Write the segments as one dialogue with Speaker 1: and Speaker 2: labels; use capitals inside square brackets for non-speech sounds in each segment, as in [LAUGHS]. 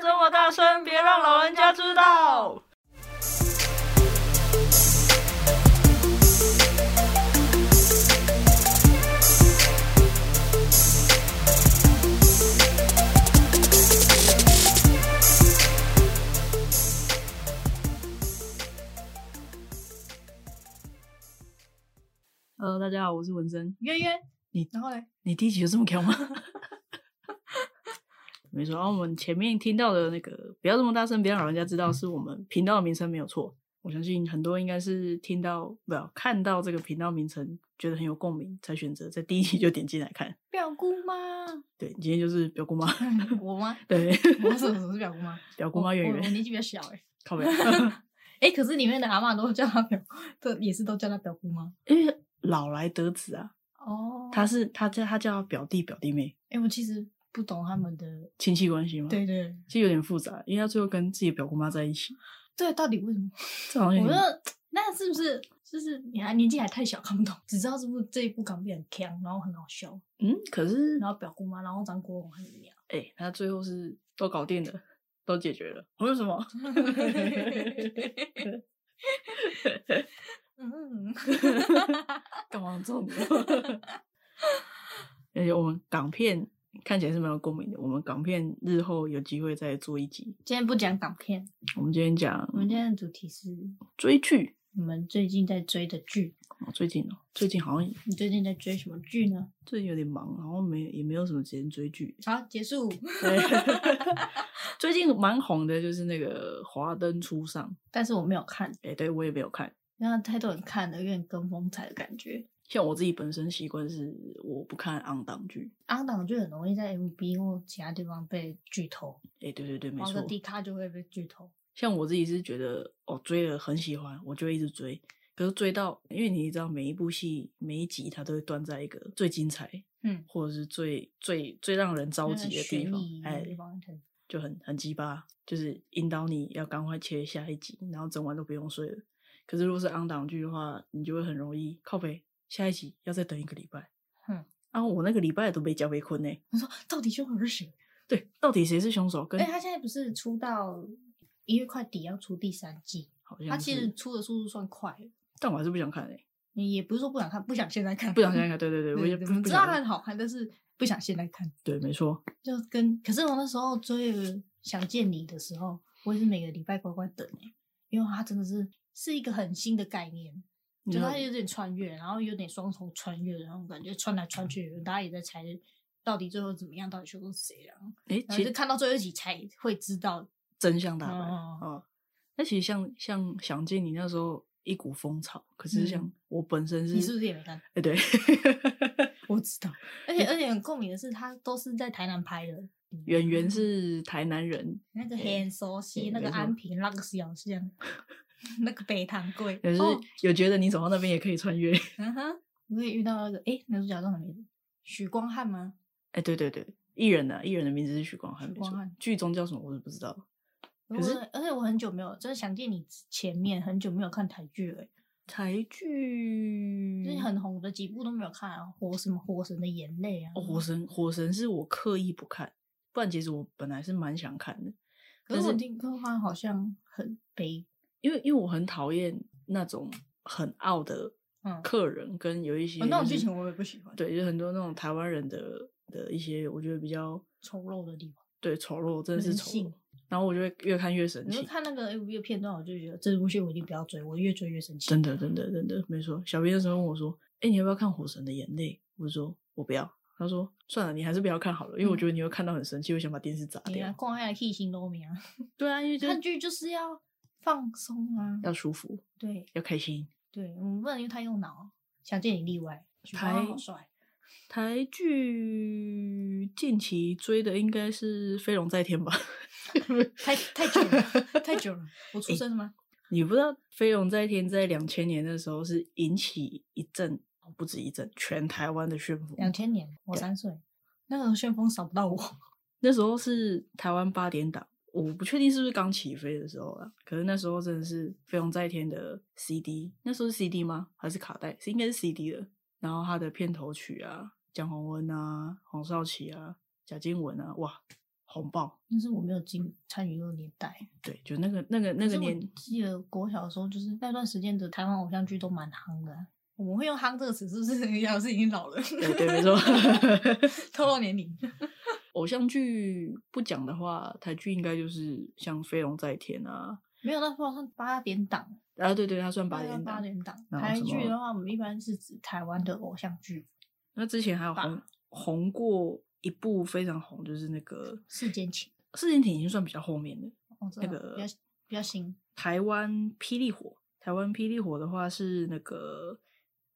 Speaker 1: 這麼大聲，別讓老人家知道。Hello，大家好，我是文森，應該你，然後呢，你第一集就這麼強嗎？ [LAUGHS] 沒錯，然、啊、後我們前面聽到的那個“不要這麼大聲，別讓老人家知道”是我們頻道的名稱，沒有錯。我相信很多應該是聽到、沒有看到這個頻道名稱，覺得很有共鳴，才選擇在第一集就點進來看。
Speaker 2: 表姑媽，
Speaker 1: 對，今天就是表姑媽、嗯，
Speaker 2: 我嗎？對，我是什麼是表姑媽？表姑媽演員，我年紀比較小、欸，哎靠邊，靠北？哎，可是裡面的阿嬤都叫她表，這也是都叫她表姑媽，
Speaker 1: 因為老來得子啊。
Speaker 2: 哦，她是
Speaker 1: 她叫她叫他表弟表弟妹。哎、
Speaker 2: 欸，我其實。不懂他們的
Speaker 1: 親戚關係嗎？對對，對，其實有點複雜，因為他最後跟自己的表姑媽在一起。對，到底為什麼？ [LAUGHS] 這好像我
Speaker 2: 說那是不是就是你還年紀還太小看不懂，只知道是不是這一部港片很鏘，然後很好笑。嗯，
Speaker 1: 可是然後表姑媽，然後張國榮很娘，欸？他最後是都搞定了，都解決了。為什麼？嗯，幹嘛眾多。而且我們港片。看起來是沒有共鳴的。我們港片日後有機會再做一集。今
Speaker 2: 天不講港片，
Speaker 1: 我們今天講。我們
Speaker 2: 今天的主題是
Speaker 1: 追劇劇。你們最近在追的劇？哦，最近哦，最近好像你最近在追什麼劇呢？最近有點忙，然後沒也沒有什麼時間追劇。好，結束。對 [LAUGHS] [LAUGHS] 最近蠻紅的就是那個《華燈初上》，但是我沒有看。哎、欸，對，我也沒有看。
Speaker 2: 那太多人看了，有點跟風踩的感覺。
Speaker 1: 像我自己本身習慣是，我不看 on demand 劇
Speaker 2: on demand 劇，劇嗯、很容易在 M B 或其他地方被劇透。
Speaker 1: 誒、欸、對對對，沒錯，D
Speaker 2: 卡就會被劇透。
Speaker 1: 像我自己是覺得，哦，追了很喜歡，我就一直追。可是追到，因為你知道每一部戲每一集，它都會斷在一個最精彩，嗯，或者是最最最讓人着急的地方，地方哎，對就很很機掰，就是引導你要趕快切下一集，然後整晚都不用睡了。可是如果是 on demand 劇的話，你就會很容易靠北。下一集要再等一個禮拜，嗯哼，然後、啊、我那個禮拜也都沒加班困呢。我說到底兇手是誰？對，到底誰是兇手跟？跟、欸、他
Speaker 2: 現在不是出到一月快底要出第三季，好像他其實出的速度算快了，
Speaker 1: 但我還是不想看哎、欸。
Speaker 2: 你也不是說不想看，不想現在看，不想現在看。是對對對，我也知道他很好看，但是不想現在看。對，沒錯。就跟可是我那時候追《想見你》的時候，我也是每個禮拜乖乖等哎、欸，因為它真的是是一個很新的概念。就是他有點穿越，然後有點雙重穿越，然後感覺穿來穿去，大家也在猜到底最後怎麼樣，到底凶手是誰啊？哎，其實看到最後一集才會知道
Speaker 1: 真相大白。哦，那其實像像想見你那時候一股風潮，可是像我本身是，你是不是也沒看？哎，對，我知道。而且而
Speaker 2: 且很共鳴的是，他都是在台南拍的，
Speaker 1: 演員是台南人，那
Speaker 2: 個很熟悉，那個安平那個小巷 [LAUGHS] 那個北堂貴，可是，
Speaker 1: 哦，有覺得你走到那邊也可以穿越。嗯
Speaker 2: 哼，啊哈，你可 [LAUGHS] 以遇到一個誒男主角叫什麼名字？許光漢嗎？
Speaker 1: 哎，欸，對對對，藝人呢，啊？藝人的名字是許光漢。光漢，劇中叫什麼我都不知道。可是，哦，
Speaker 2: 而且我很久沒有，真、就、的、是、想見你前面很久沒有看台劇哎，台劇劇就是很紅的幾部都沒有看啊，火什麼火
Speaker 1: 神的眼淚啊，嗯，火神火神是我刻意不看，不然其實我本來是蠻想看的。可是，可是我聽歌的話好像很悲。因為因為我很討厭那種很傲的客人，嗯、跟有一些、就是哦、那種劇情我也不喜歡。對，有很多那種台灣人的的一些，我覺得比較醜陋的地方。對，醜陋真的是醜陋。性然後我就會越看越生氣。你就
Speaker 2: 看那個 MV 的片段，我就覺得
Speaker 1: 這部戲我一定不要追，我越追越生氣。真的，真的，真的，沒錯。小編的時候問我說：“哎對、欸，你要不要看《火神的眼淚》？”我就說：“我不要。”他說：“算了，你還是不要看好了，嗯、因為我覺得你會看到很生氣。我想把電視砸掉。嗯”
Speaker 2: 公開的 K 型都沒啊？ [LAUGHS] 對啊，因為、就是、看劇就是要。放鬆啊，要舒服，對，要開心，對，我們不能用太用腦，
Speaker 1: 想見你例外。台台劇近期追的應該是《飛龍在天》吧？ [LAUGHS] 太太久了， [LAUGHS] 太久了。我出生了嗎？欸，你不知道《飛龍在天》在兩千年的時候是引起一陣，不止一陣，全台灣的旋風。兩千
Speaker 2: 年，我三歲，對那個旋風掃不到我。
Speaker 1: 那時候是台灣八點檔。我不確定是不是剛起飛的時候了，可是那時候真的是《飛龍在天》的 CD，那時候是 CD 嗎？還是卡帶？是應該是 CD 的。然後他的片頭曲啊，江宏恩啊，黃少祺啊，賈靜雯啊，哇，紅爆！那
Speaker 2: 是我沒有進參與的年代。
Speaker 1: 對，就那個那個那個年，我
Speaker 2: 記得國小的時候，就是那段時間的台灣偶像劇都蠻夯的、啊。我們會用“夯”這個詞，是不是表示
Speaker 1: 已經老了？ [LAUGHS] 對，對沒錯
Speaker 2: [LAUGHS] 透露年齡。
Speaker 1: 偶像劇不講的話，台劇應該就是像《飛龍在天》啊。
Speaker 2: 沒有，那算八點檔
Speaker 1: 啊？對,對對，他算八點檔。八,八點
Speaker 2: 檔。台劇的話，我們一般是指台灣的偶像劇。
Speaker 1: 那之前還有紅八紅過一部非常紅，就是那個《世間情》。《世間情》已經算比較後面、哦、的、啊，那個比較比較新。台灣《霹靂火》，台灣《霹靂火》的話是那個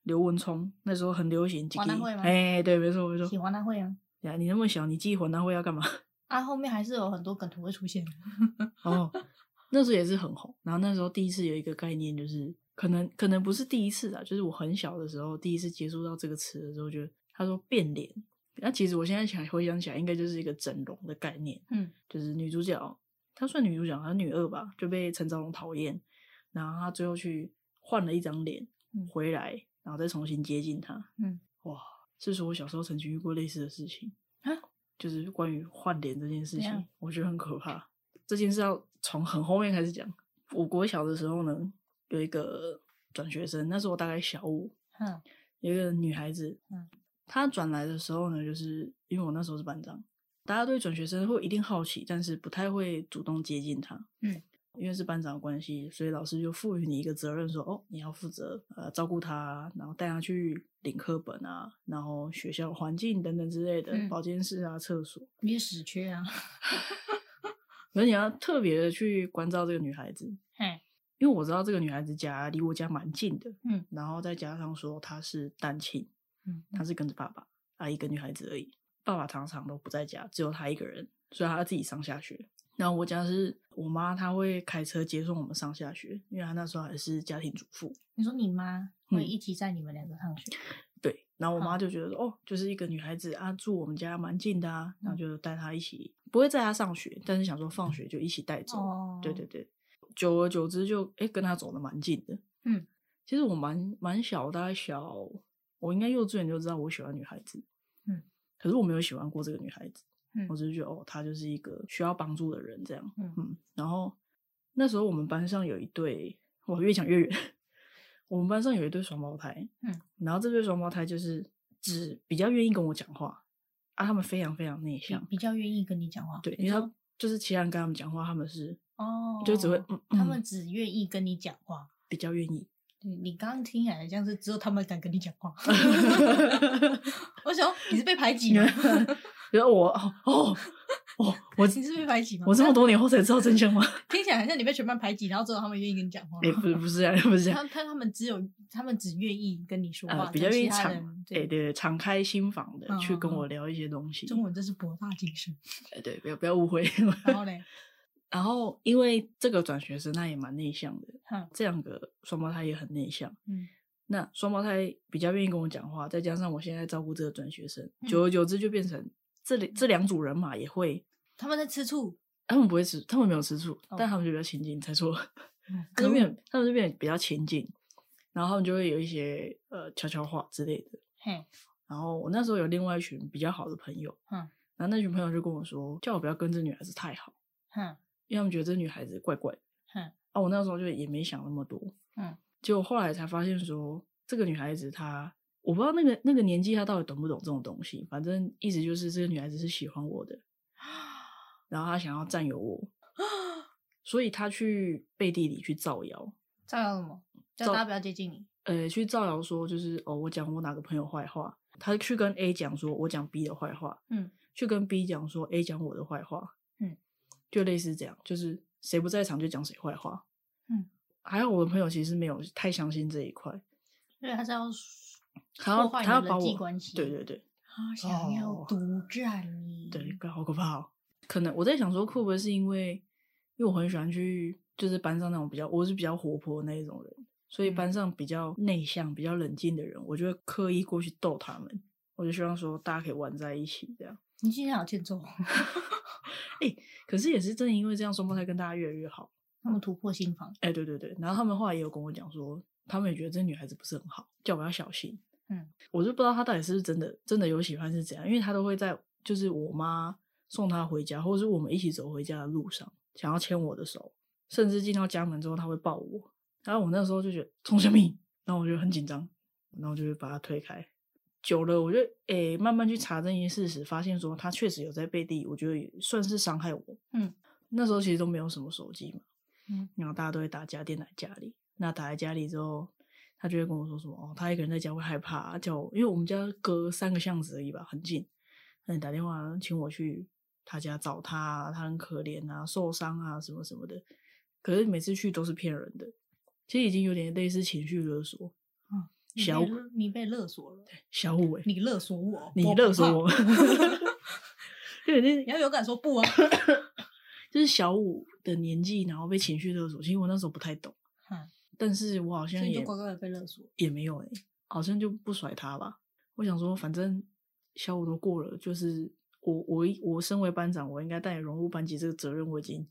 Speaker 1: 劉文聰，那時候很流行。華納會嗎？哎、欸，對，沒錯沒錯，喜歡他會啊。呀，你那麼小，你記混那會要幹嘛？
Speaker 2: 啊，後面還是有很多梗圖會出現的。
Speaker 1: [LAUGHS] 哦，那時候也是很紅。然後那時候第一次有一個概念，就是可能可能不是第一次啊，就是我很小的時候第一次接觸到這個詞的時候就，就他說變臉。那其實我現在想回想起來，應該就是一個整容的概念。嗯，就是女主角她算女主角，她是女二吧，就被陳昭榮討厭，然後她最後去換了一張臉回來，然後再重新接近他。嗯，哇。是說，我小時候曾經遇過類似的事情，啊蛤，就是關於換臉這件事情，有我覺得很可怕。這件事要從很後面開始講。我國小的時候呢，有一個轉學生，那時候我大概小五，
Speaker 3: 嗯，
Speaker 1: 有一個女孩子，嗯，她轉來的時候呢，就是因為我那時候是班長，大家對轉學生會一定好奇，但是不太會主動接近她，嗯。因為是班長關係，所以老師就賦予你一個責任，說：“哦，你要負責呃照顧她，然後帶她去領課本啊，然後學校環境等等之類的，嗯、保健室啊、廁所，你也死缺啊。”所以你要特別的去關照這個女孩子。嘿因為我知道這個女孩子家離我家蠻近的，嗯，然後再加上說她是單親，嗯，她是跟着爸爸，啊，一個女孩子而已，爸爸常常都不在家，只有她一個人，所以她自己上下學。然後我家是我媽，她會開車接送我們上下學，因為她那時候還是家庭主婦。你說你媽會一
Speaker 2: 起帶你們兩個上學？嗯、
Speaker 1: 對。然後我媽就覺得說，哦，哦，就是一個女孩子啊，住我們家蠻近的啊，嗯、然後就帶她一起，不會帶她上學，但是想說放學就一起帶走，啊。哦、對對對，久而久之就誒跟她走得蠻近的。嗯。其實我蠻蠻小，大概小我應該幼稚園就知道我喜歡女孩子。嗯。可是我沒有喜歡過這個女孩子。嗯、我只是覺得哦，他就是一個需要幫助的人，這樣。嗯，嗯，然後那時候我們班上有一對，我越講越遠。我們班上有一對雙胞胎。嗯。然後這對雙胞胎就是只比較願意跟我講話，啊，他們非常非常內向，比，比較願意跟你講話。對，你較他就是其他人跟他們講話，他們是哦，就只會、嗯，他們只願意跟你講話，嗯、比較願意。
Speaker 2: 你你剛剛聽起來像是只有他們敢跟你講話， [LAUGHS] [LAUGHS] [LAUGHS] 我想你是被排擠
Speaker 1: 了。 [LAUGHS] 比如我哦哦，我你是被排擠嗎？我這麼多年後才知道真相嗎？
Speaker 2: 聽起來好像你被全班排擠，然後只有他們願意跟你講話。哎，不是不是啊，不是。他他們只有他們只願意跟你說話，比較願意敞，對
Speaker 1: 對敞開心房的去跟我聊一些東西。中文真是
Speaker 2: 博大精深。
Speaker 1: 哎，對，不要不要誤會。然後嘞，然後因為這個轉學生他也蠻內向的，這兩個雙胞胎也很內向。嗯，那雙胞胎比較願意跟我講話，再加上我現在照顧這個轉學生，久而久之就變成。這裡這兩組人馬也會，他們在吃醋，他們不會吃，他們沒有吃醋，但他們就比較親近，才猜錯。
Speaker 2: 他們這邊，
Speaker 1: 他們這邊比較親近，然後就會有一些呃悄悄話之類的。嘿，然後我那時候有另外一群比較好的朋友，嗯，然後那群朋友就跟我說，叫我不要跟這女孩子太好，嗯，因為他們覺得這女孩子怪怪，嗯，啊，我那時候就也沒想那麼多，嗯，結果後來才發現說這個女孩子她。我不知道那個那個年紀他到底懂不懂這種東西，反正意思就是這個女孩子是喜歡我的，然後她想要占有我，所以他去背地裡去造謠，造謠
Speaker 2: 什麼？叫大家
Speaker 1: 不要接近你。呃，去造謠說就是哦，我講我哪個朋友壞話，他去跟 A 講說我講 B 的壞話，嗯，去跟 B 講說 A 講我的壞話，
Speaker 2: 嗯，
Speaker 1: 就類似這樣，就是誰不在場就講誰壞話，嗯，還有我的朋友其實沒有太相信這一塊，
Speaker 2: 因為他是要。
Speaker 1: 他要他要把我，對對對，
Speaker 2: 他想要
Speaker 1: 獨占你，對，好可怕哦。可能我在想說，會不會是因為因為我很喜歡去，就是班上那種比較我是比較活潑那一種人，所以班上比較內向、比較冷靜的人，我就會刻意過去逗他們。我就希望說，大家可以玩在一起，這樣。
Speaker 2: 你今天好健壯，哎
Speaker 1: [LAUGHS] 欸，可是也是正因為這樣，雙胞胎跟大家越來越好，他們突破心防。哎，欸、對對對，然後他們後來也有跟我講說，他們也覺得這女孩子不是很好，叫我要小心。嗯，我就不知道他到底是不是真的，真的有喜歡是怎樣，因為他都會在就是我媽送他回家，或者是我們一起走回家的路上，想要牽我的手，甚至進到家門之後他會抱我，然後我那時候就覺得衝什麼，然後我就很緊張，然後我就會把他推開。久了，我就誒、欸、慢慢去查證一些事實，發現說他確實有在背地，我覺得也算是傷害我。嗯，那時候其實都沒有什麼手機嘛，嗯，然後大家都會打家電來家裡，那打在家裡之後。他就會跟我說什麼哦，他一個人在家會害怕、啊，叫我因為我們家隔三個巷子而已吧，很近。嗯，打電話請我去他家找他、啊，他很可憐啊，受傷啊什麼什麼的。可是每次去都是騙人的，其實已經有點類似情緒勒索。嗯、小五，你被勒索
Speaker 2: 了？
Speaker 1: 小五你，你勒索我？你勒索我？哈哈哈你要有敢說不啊 [COUGHS] 就是小五的年紀，然後被情緒勒索，其實我那時候不太懂。但是我好像也，
Speaker 2: 也，
Speaker 1: 也沒有誒、欸、好像就不甩他吧。我想說，反正小五都過了，就是我我我身為班長，我應該帶人融入班級這個責任我，我已經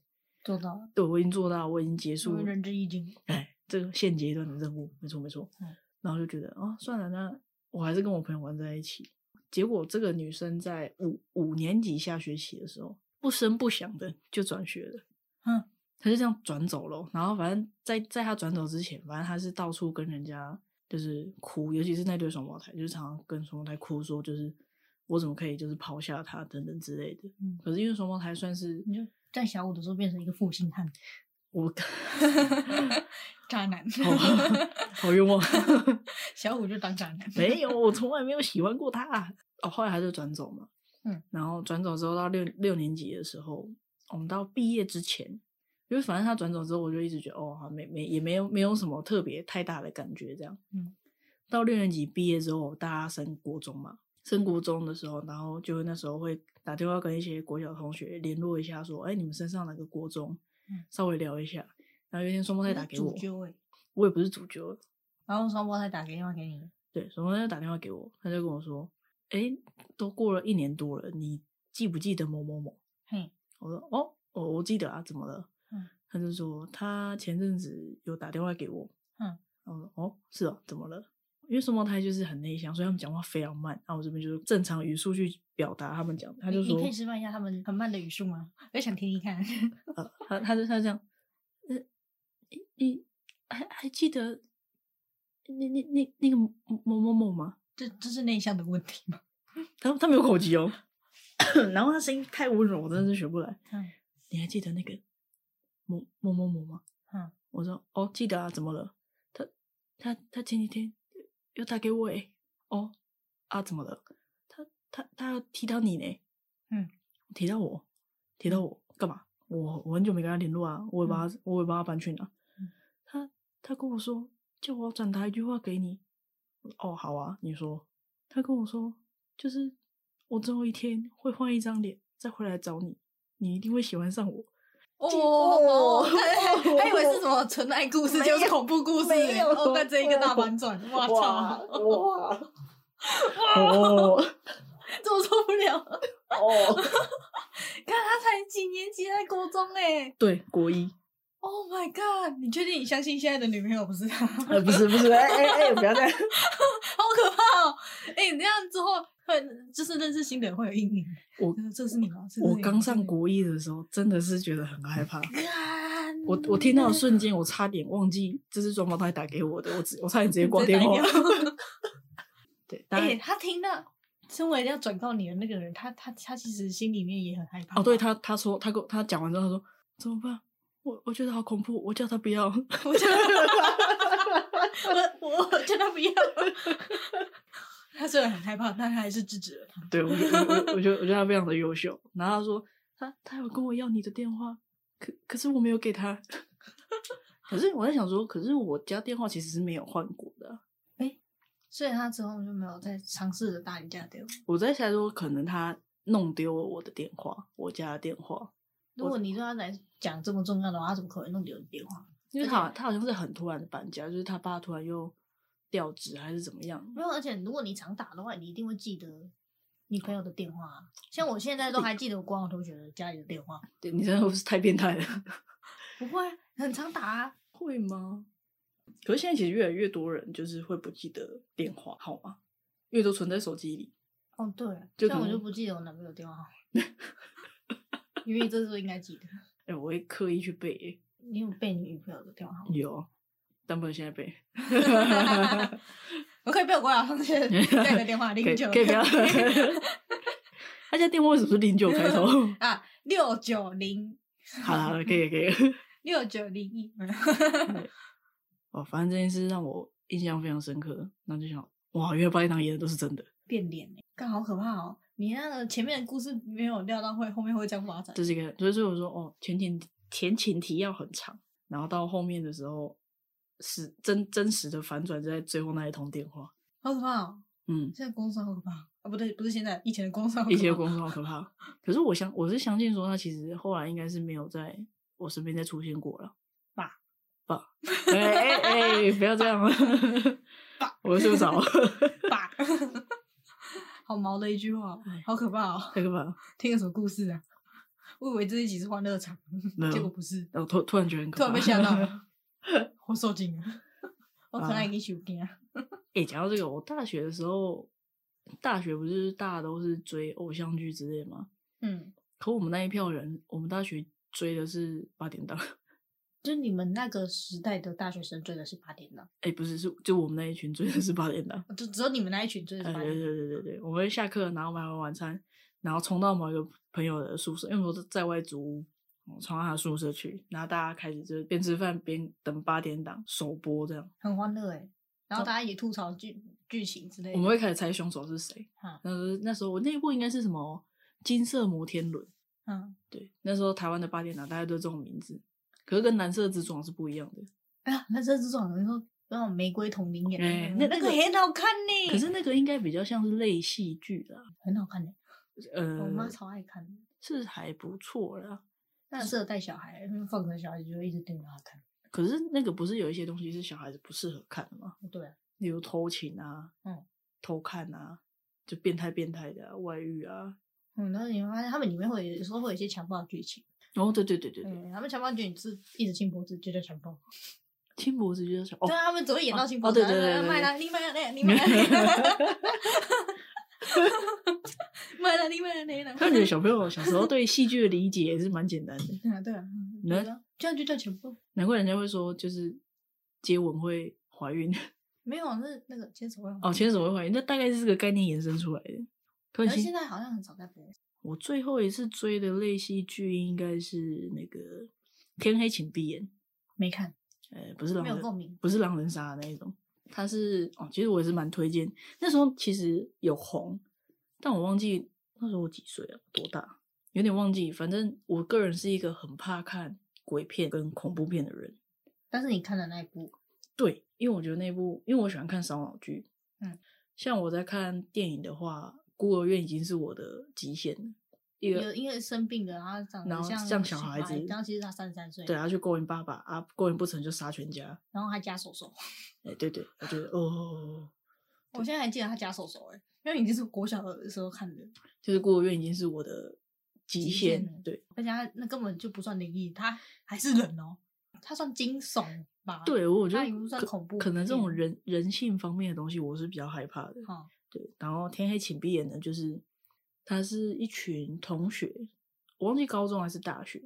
Speaker 1: 做到了。對，我已經做到，我已經結束。認知已經哎，這個現階段的任務，嗯、沒錯沒錯。嗯、然後就覺得啊、哦，算了，那我還是跟我朋友玩在一起。結果這個女生在五五年級下學期的時候，不聲不響的就轉學了。嗯。他就這樣轉走了，然後反正在在他轉走之前，反正他是到處跟人家就是哭，尤其是那對雙胞胎，就是常常跟雙胞胎哭說，就是我怎麼可以就是拋下他等等之類的。嗯，可是因為雙胞胎算是你就在小五的時候變成一個負心漢，我渣男，好冤枉。 [LAUGHS] 小五就當渣男 [LAUGHS] [LAUGHS] 沒有，我從來沒有喜歡過他啊。哦，後來他就轉走嘛，嗯，然後轉走之後到六六年級的時候，我們到畢業之前。因為反正他轉走之後，我就一直覺得哦，沒沒也沒有沒有什麼特別太大的感覺這樣。嗯，到六年級畢業之後，大家升國中嘛，升國中的時候，然後就會那時候會打電話跟一些國小同學聯絡一下，說：“哎，你們升上哪個國中？”嗯，稍微聊一下。然後有一天，雙胞胎打給我，給你主角耶，我也不是主角。然
Speaker 2: 後雙胞胎打個電話給
Speaker 1: 你。對，雙胞胎打電話給我，他就跟我說：“哎，都過了一年多了，你記不記得某某某？”嘿、嗯，我說：“哦，哦，我記得啊，怎麼了？”他就說他前陣子有打電話給我，嗯，哦是啊，怎麼了？因為雙胞胎就是很內向，所以他們講話非常慢。然後我這邊就是正常語速去表達他們講。他就說你，你可以示
Speaker 2: 範一下他們很慢的語速嗎？我想聽聽看、啊嗯。呃，
Speaker 1: 他他就他這樣，嗯，你還還記得那那那那個、那個、某某某嗎？這這是內向的問題嗎？他他沒有口技哦， [COUGHS] 然後他聲音太溫柔，我真的是學不來。嗯，你還記得那個？某某某某嗎？嗯，我說哦，記得啊，怎麼了？他他他前幾天要打給我誒、欸，哦啊，怎麼了？他他他要提到你呢，嗯，提到我，提到我幹嘛？我我很久沒跟他聯絡啊，我也把他、嗯、我也把他搬去哪？嗯、他他跟我說，叫我轉達一句話給你。哦，好啊，你說。他跟我說，就是我總有一天會換一張臉再回來找你，你一定會喜歡上我。哦，對，還以為是什麼
Speaker 2: 純愛故事，就是恐怖故事，哦，再整一個大反轉，
Speaker 1: 我操，哇哇，這我受不了，哦，看他才幾年級？在國
Speaker 2: 中誒，
Speaker 1: 對，國一。
Speaker 2: Oh my god！你確定你相信現在的女朋友不是她？呃，不是不是，哎哎哎，
Speaker 1: 不要這樣，
Speaker 2: [LAUGHS] 好可怕哦，喔！哎，欸，你這樣之後會就是認
Speaker 1: 識新的人會有陰影。我這是你嗎？我剛上國一的時候，真的是覺得很害怕。Oh，my 我我聽到的瞬間，我差點忘記這是雙胞胎打給我的，我只，我差點直接掛電話。對， [LAUGHS] 欸，
Speaker 2: 他聽到，身為
Speaker 1: 要轉告你的那個人，他他他其實心裡面也很害怕啊。哦，對他他說，他跟我，他講完之後，他說怎麼辦？.我我覺得好恐怖，我叫他不要 [LAUGHS] 我，我我叫他不要，他雖然很害怕，但他還是制止了他。對，我覺得我，我，我覺得他非常的優秀。然後他說他他有跟我要你的電話，可可是我沒有給他。可是我在想說，可是我家電話其實是沒有換過的，
Speaker 2: 欸，所以他之後就沒有再嘗試着打你家的電
Speaker 1: 話。我在想說，可能他弄丟了我的電話，我家的電話。如果
Speaker 2: 你說他來。講這麼重要的話，他怎麼可能弄丟電話？
Speaker 1: 因為他且他好像是很突然的搬家，就是他爸突然又調職還是怎麼樣？
Speaker 2: 因為而且如果你常打的話，你一定會記得你朋友的電話啊。像我現在都還記得我高中同學家裡的電話。對，你真的不
Speaker 1: 是太變態了？不會，很常打啊。會嗎？可是現在其實越來越多人就是會不記得電話號碼，因為都存在手機裡。哦，
Speaker 2: 對，但可我就不記得我男朋友電話號， [LAUGHS] 因為這是我應該記得。
Speaker 1: 哎、欸，我會刻意去背、欸。你有背你女朋友的電話號碼嗎？有，但不能現在背。我可以背我郭曉松這些背的電話，零九可以不要。 [LAUGHS] 他家電話為什麼是零九開頭？
Speaker 2: [LAUGHS] 啊，六九零。 [LAUGHS] 好、啊，好，可以，可以，六九零
Speaker 1: 一。哦，反正這件事讓我印象非常深刻，然後就想，哇，原來八點檔演的都是真的，變臉
Speaker 2: 呢，剛好可怕哦。你那個前面的故事沒有料到會後面會這樣發展，這是
Speaker 1: 一個，所以說我說哦，前前前前提要很長，然後到後面的時候，是真真實的反轉在最後那一通電話。
Speaker 2: 好可怕，嗯，現在工傷好可怕啊！不對，不是現
Speaker 1: 在，以前的工傷，以前的工傷好可怕。可是我相我是相信說他其實後來應該是沒有在我身邊再出現過了。爸，爸，哎哎，哎，不要這樣爸 [LAUGHS] 了，爸，我睡不着了，爸。毛了一
Speaker 2: 句話，好可怕，喔！哦，太可怕了！聽了什麼故事啊？我以為這一集是歡樂場，有結
Speaker 1: 果不是。我突突然覺得可怕，突然被嚇到了，好 [LAUGHS] 受驚了，啊、我可能已經受驚。哎、欸，講到這個，我大學的時候，大學不是大家都是追偶像劇之類嗎？嗯，可我們那一票人，我們大學追的是八點檔。
Speaker 2: 就你們那個時代的大學生追的是八點檔？
Speaker 1: 哎，欸，不是，是就我們那一群追的是八點檔，就只有你們那一群追的是八點檔。對、嗯、對對對對，我們會下課，然後買完晚餐，然後衝到某一個朋友的宿舍，因為我們都在外租屋，衝、嗯、到他宿舍去，然後大家開始就邊吃飯邊等八點檔首播，這樣很歡樂哎、欸。然後大
Speaker 2: 家也吐槽劇劇從情之類的，我們會開
Speaker 1: 始猜凶手是誰。哈是那時候我那時候那部應該是什麼金色摩天輪？嗯哈，對，那時候台灣的八點檔大家都這種名字。可是跟藍色之裝是不一樣的。
Speaker 2: 哎呀、啊，藍色之裝，你說那玫
Speaker 1: 瑰瞳鈴演的，那個、那個很好看呢。可是那個應該比較像是類戲劇啦，很好看的。呃、我媽超愛看。是還不錯啦，那適合帶
Speaker 2: 小孩，放着小孩就一直盯着他看。
Speaker 1: 可是那個不是有一些東西是小孩子不適合看的嗎？對啊，例如偷情啊，嗯，偷看啊，就變態變態的、啊、外遇啊。嗯，然後你會發現他們裡面會有時候會有一些強暴劇情。哦，對對對對對，他們強
Speaker 2: 暴就是一直親脖子，就叫強暴。親脖子就叫強暴。對啊，他們只會演到親脖子。哦，對對對對。買了，你買了，你買了。哈哈哈哈哈！買了。看起來
Speaker 1: 小朋友小時候對戲劇的理解也是蠻簡單的。對啊，對啊。
Speaker 2: 那這樣就叫強暴。
Speaker 1: 難怪人家會說，就是接吻會懷孕。沒有，那是那個牽
Speaker 2: 手會。哦，
Speaker 1: 牽手會懷孕，那大概是這個概念延伸出來的。可是現在好像
Speaker 2: 很少在播。
Speaker 1: 我最後一次追的類戲劇應該是那個《天黑請閉眼》，沒看。誒不是狼人，不是狼人殺的那一種。它是哦，其實我也是蠻推薦。那時候其實有紅，但我忘記那時候我幾歲了，啊，多大？有點忘記。反正我個人是一個很怕看鬼片跟恐怖片的人。
Speaker 2: 但是你看的那一部，
Speaker 1: 對，因為我覺得那一部，因為我喜歡看燒腦劇。
Speaker 2: 嗯，
Speaker 1: 像我在看電影的話。孤兒院已經是我的極限了。因
Speaker 2: 為生病了，然後這樣像像小孩子，然後其實他三十三歲，對，他
Speaker 1: 去勾引爸爸啊，勾引不成就殺全家，
Speaker 2: 然後還假手手，
Speaker 1: 哎，對對，我覺得哦，
Speaker 2: 我現在還記得他假手手，哎，因為已經是國小的時候看的，
Speaker 1: 就是孤兒院已經是我的極限，對，
Speaker 2: 而且他那根本就不算靈異，他還是人哦，他算驚悚
Speaker 1: 吧，對，我覺得他也不算恐怖，可能這種人人性方面的東西，我是比較害怕的。對，然後天黑請閉眼的就是他是一群同學，我忘記高中還是大學，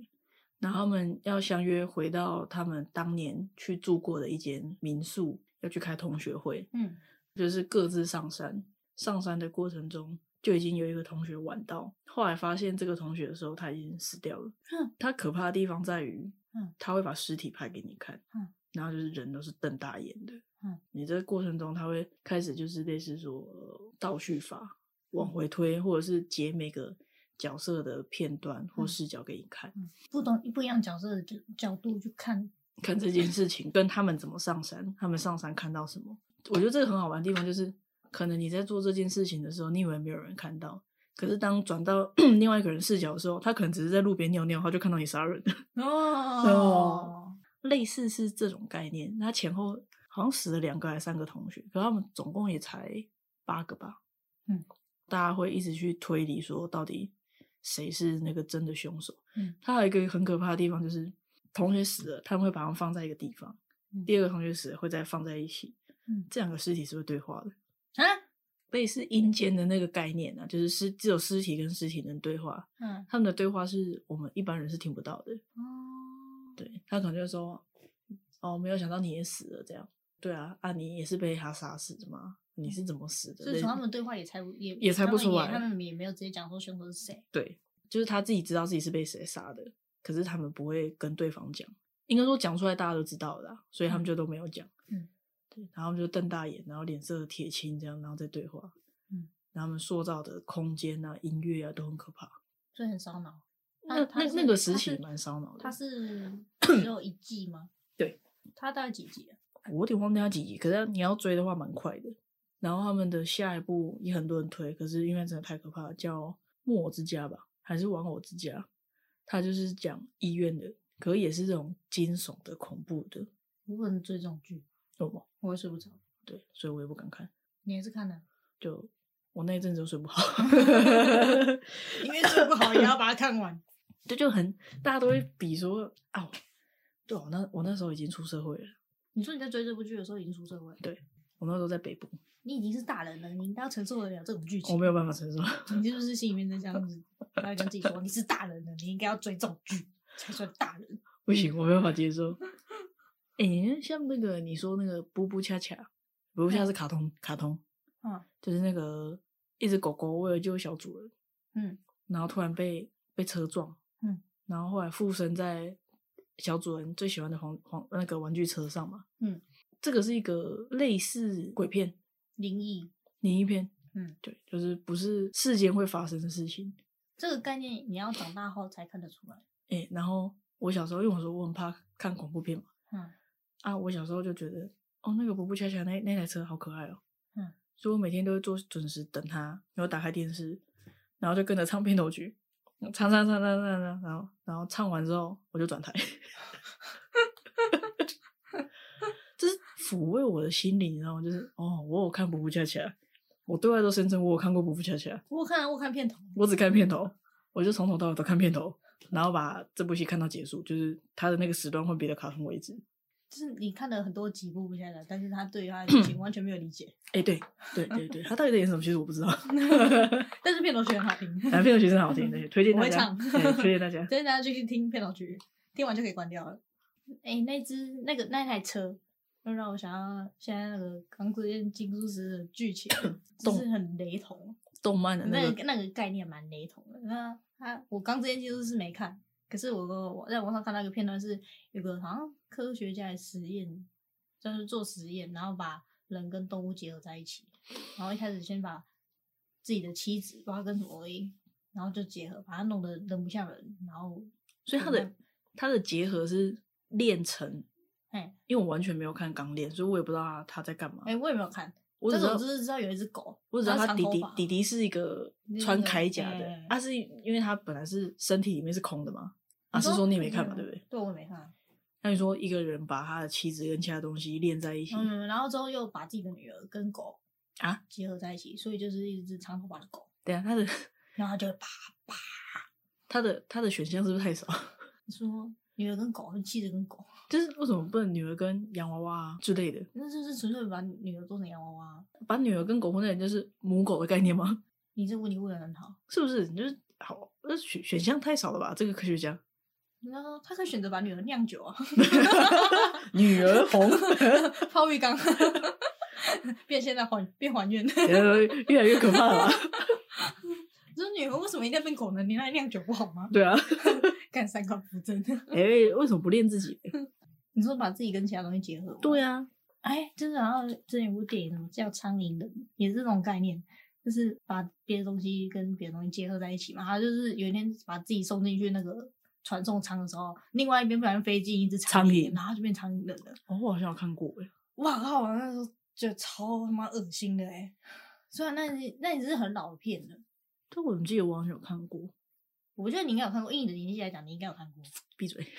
Speaker 1: 然後他們要相約回到他們當年去住過的一間民宿，要去開同學會。嗯，就是各自上山，上山的過程中就已經有一個同學晚到，後來發現這個同學的時候，他已經死掉了。嗯，他可怕的地方在於，嗯，他會把屍體拍給你看。嗯，然後就是人都是瞪大眼的。嗯，你這過程中他會開始就是類似說呃、倒敘法，往回推，或者是截每個角色的片段或視角給你看，嗯嗯、
Speaker 2: 不同不一樣
Speaker 1: 角色的角角度去看，看這件事情 [LAUGHS] 跟他們怎麼上山，他們上山看到什麼？我覺得這個很好玩的地方就是，可能你在做這件事情的時候，你以為沒有人看到，可是當轉到 [COUGHS] 另外一個人視角的時候，他可能只是在路邊尿尿，他就看到你殺人哦哦，類似是這種概念，那前後。好像死了兩個還是三個同學，可他們總共也才八個吧。嗯，大家會一直去推理，說到底誰是那個真的凶手。嗯，他還有一個很可怕的地方，就是同學死了，他們會把他們放在一個地方。嗯，第二個同學死了，會再放在一起。嗯，這兩個屍體是不是對話的啊？類似陰間的那個概念啊，就是屍只有屍體跟屍體能對話。
Speaker 3: 嗯，他
Speaker 1: 們的對話是我們一般人是聽不到的。哦，
Speaker 3: 嗯，
Speaker 1: 對，他可能就說，哦，沒有想到你也死了這樣。對啊，阿尼也是被他殺死的嗎？你是怎麼死的？就、嗯、所以從他們對話也猜
Speaker 2: 不也也猜不出來，他們也沒有直接講說兇手是誰。
Speaker 1: 對，就是他自己知道自己是被誰殺的，可是他們不會跟對方講。應該說講出來大家都知道了啦，所以他們就都沒有講。嗯，對，然後他們就瞪大眼，然後臉色鐵青這樣，然後再對話。嗯，然後他們塑造的空間啊、音樂啊都很可怕，
Speaker 2: 所以很燒腦。
Speaker 1: 那那那個時期蠻燒腦的他。他
Speaker 2: 是只有一季嗎？對，他大概幾集啊？
Speaker 1: 我有點忘掉幾集，可是你要追的話蠻快的。然後他們的下一部也很多人推，可是因為真的太可怕，叫《木偶之家》吧，還是《玩偶之家》？他就是講醫院的，可是也是這種驚悚的、恐怖的。我不能追這種劇，懂嗎、哦？我也睡不着。對，所以我也不敢看。
Speaker 2: 你也是看的？
Speaker 1: 就我那一陣子就睡不好， [LAUGHS] [LAUGHS] 因為
Speaker 2: 睡不好也要把它看完，
Speaker 1: 這就很大家都會比說啊、哦，對我、哦、那我那時候已經出社會了。
Speaker 2: 你說你在追這部劇的時候已經出社會，
Speaker 1: 對，我那時候在北部，
Speaker 2: 你已經是大人了，你應該承受得了這種
Speaker 1: 劇情。我沒有辦法承受。你是就是心裡面在這樣子在 [LAUGHS] 就自己說，你是大人了，你應該要追這種劇才算大人？不行，我沒有辦法接受。哎、 [LAUGHS] 欸，像那個你說那個《布布恰恰》，布布恰恰是卡通，對卡通，嗯，就是那個一隻狗狗為了救小主人，嗯，然後突然被被車撞，嗯，然後後來附身在。小主人最喜歡的黃黃那個玩具車上嘛，嗯，這個是一個類似鬼片、靈異靈異片，嗯，對，就是不是世間會發生的事情，
Speaker 2: 這個概念你要長大後才看得出來，
Speaker 1: 哎、欸，然後我小時候因為我說我很怕看恐怖片嘛，嗯，啊，我小時候就覺得哦，那個布布恰恰那那台車好可愛哦，嗯，所以我每天都會做準時等它，然後打開電視，然後就跟着唱片頭曲。唱唱唱唱唱唱，然後然後唱完之後我就轉台，這 [LAUGHS] [LAUGHS] [LAUGHS] 是撫慰我的心靈，然後就是哦，我有看《布布恰恰》，我對外都聲稱我有看過《布布恰恰》，
Speaker 2: 我看我看片
Speaker 1: 頭，我只看片頭，我就從頭到尾都看片頭，然後把這部戲看到結束，就是他的那個時段換別的卡通為止。
Speaker 2: 就是你看了很多幾部不曉得，但是他對他劇情完全沒有理解。
Speaker 1: 哎，欸、對，對對對，他到底在演什麼？其實我不知道。
Speaker 2: [LAUGHS] 但是片頭曲很好聽，啊，片頭曲真的好
Speaker 1: 聽，對推薦大家。謝謝、
Speaker 2: 欸、大家。謝謝大家。繼續聽片頭曲，聽完就可以關掉了。哎、欸，那隻那個那台車，又讓我想到現在那個剛之煉金術師》的劇情， [COUGHS] 動是很雷同。
Speaker 1: 動漫的那個、那個、
Speaker 2: 那個概念，蠻雷同的。那他我剛之前金絲是沒看。可是我我在網上看到一個片段是，是有個好像、啊、科學家來實驗，就是做實驗，然後把人跟動物結合在一起，然後一開始先把自己的妻子把知道跟什麼而已，然後就結合，把它弄得人不像人，然後
Speaker 1: 所以他的看他的結合是鍊成，哎、欸，因為我完全沒有看《鋼鍊》，所以我也不知道他他在幹嘛。哎、
Speaker 2: 欸，我也沒有看，我只是知道是有一只狗，我只,狗我只知道他弟弟
Speaker 1: 弟弟是一個穿鎧甲的，他、啊、是因為他本來是身體裡面是空的嘛。啊，是說你也沒看嘛，對不對？對，我也沒看。那你說一個人把他的妻子跟其他東西連在一起，
Speaker 2: 嗯，然後之後又把自己的女兒跟狗啊結合在一起，啊、所以就是一隻長頭髮的狗。
Speaker 1: 對啊，他的，然後就會啪啪。他的他的選項是不是太少？你說女兒跟狗是妻子跟狗，就是為什麼不能女兒跟洋娃娃之類的？那這是，是純粹把
Speaker 2: 女兒做成洋娃娃，
Speaker 1: 把女兒跟狗混在一起，就是母狗的概念嗎？
Speaker 2: 你這個問題問得很
Speaker 1: 好，是不是？你就是好，那選選項太少了吧？這個科學家。
Speaker 2: 他說他可以選擇把女兒釀酒啊，
Speaker 1: [LAUGHS] 女兒紅 [LAUGHS]
Speaker 2: 泡浴缸， [LAUGHS] 變現在還變還原，
Speaker 1: [LAUGHS] 越來越可怕了。
Speaker 2: 這女兒為什麼一定要變狗呢？你那釀酒不好嗎？對啊，幹 [LAUGHS] 三觀冠不正。 [LAUGHS]
Speaker 1: 哎、欸，為什麼不練自己？
Speaker 2: 你說把自己跟其他東西結合？對啊。哎，就是然後之前有部電影叫《蒼蠅》的，也是這種概念，就是把別的東西跟別的東西結合在一起嘛。他就是有一天把自己送進去那個。傳送艙的時候，另外一邊不然飛進一隻蒼蠅，然後就變蒼蠅人了。哦，我好像有看過哎，哇靠！我那時候就超他媽噁心的哎。雖然那是那也是很老的片的，但
Speaker 1: 我怎麼記得我好像有看過？
Speaker 2: 我覺得你應該有看過，以你的年紀來講，你應該有看過。
Speaker 1: 閉嘴！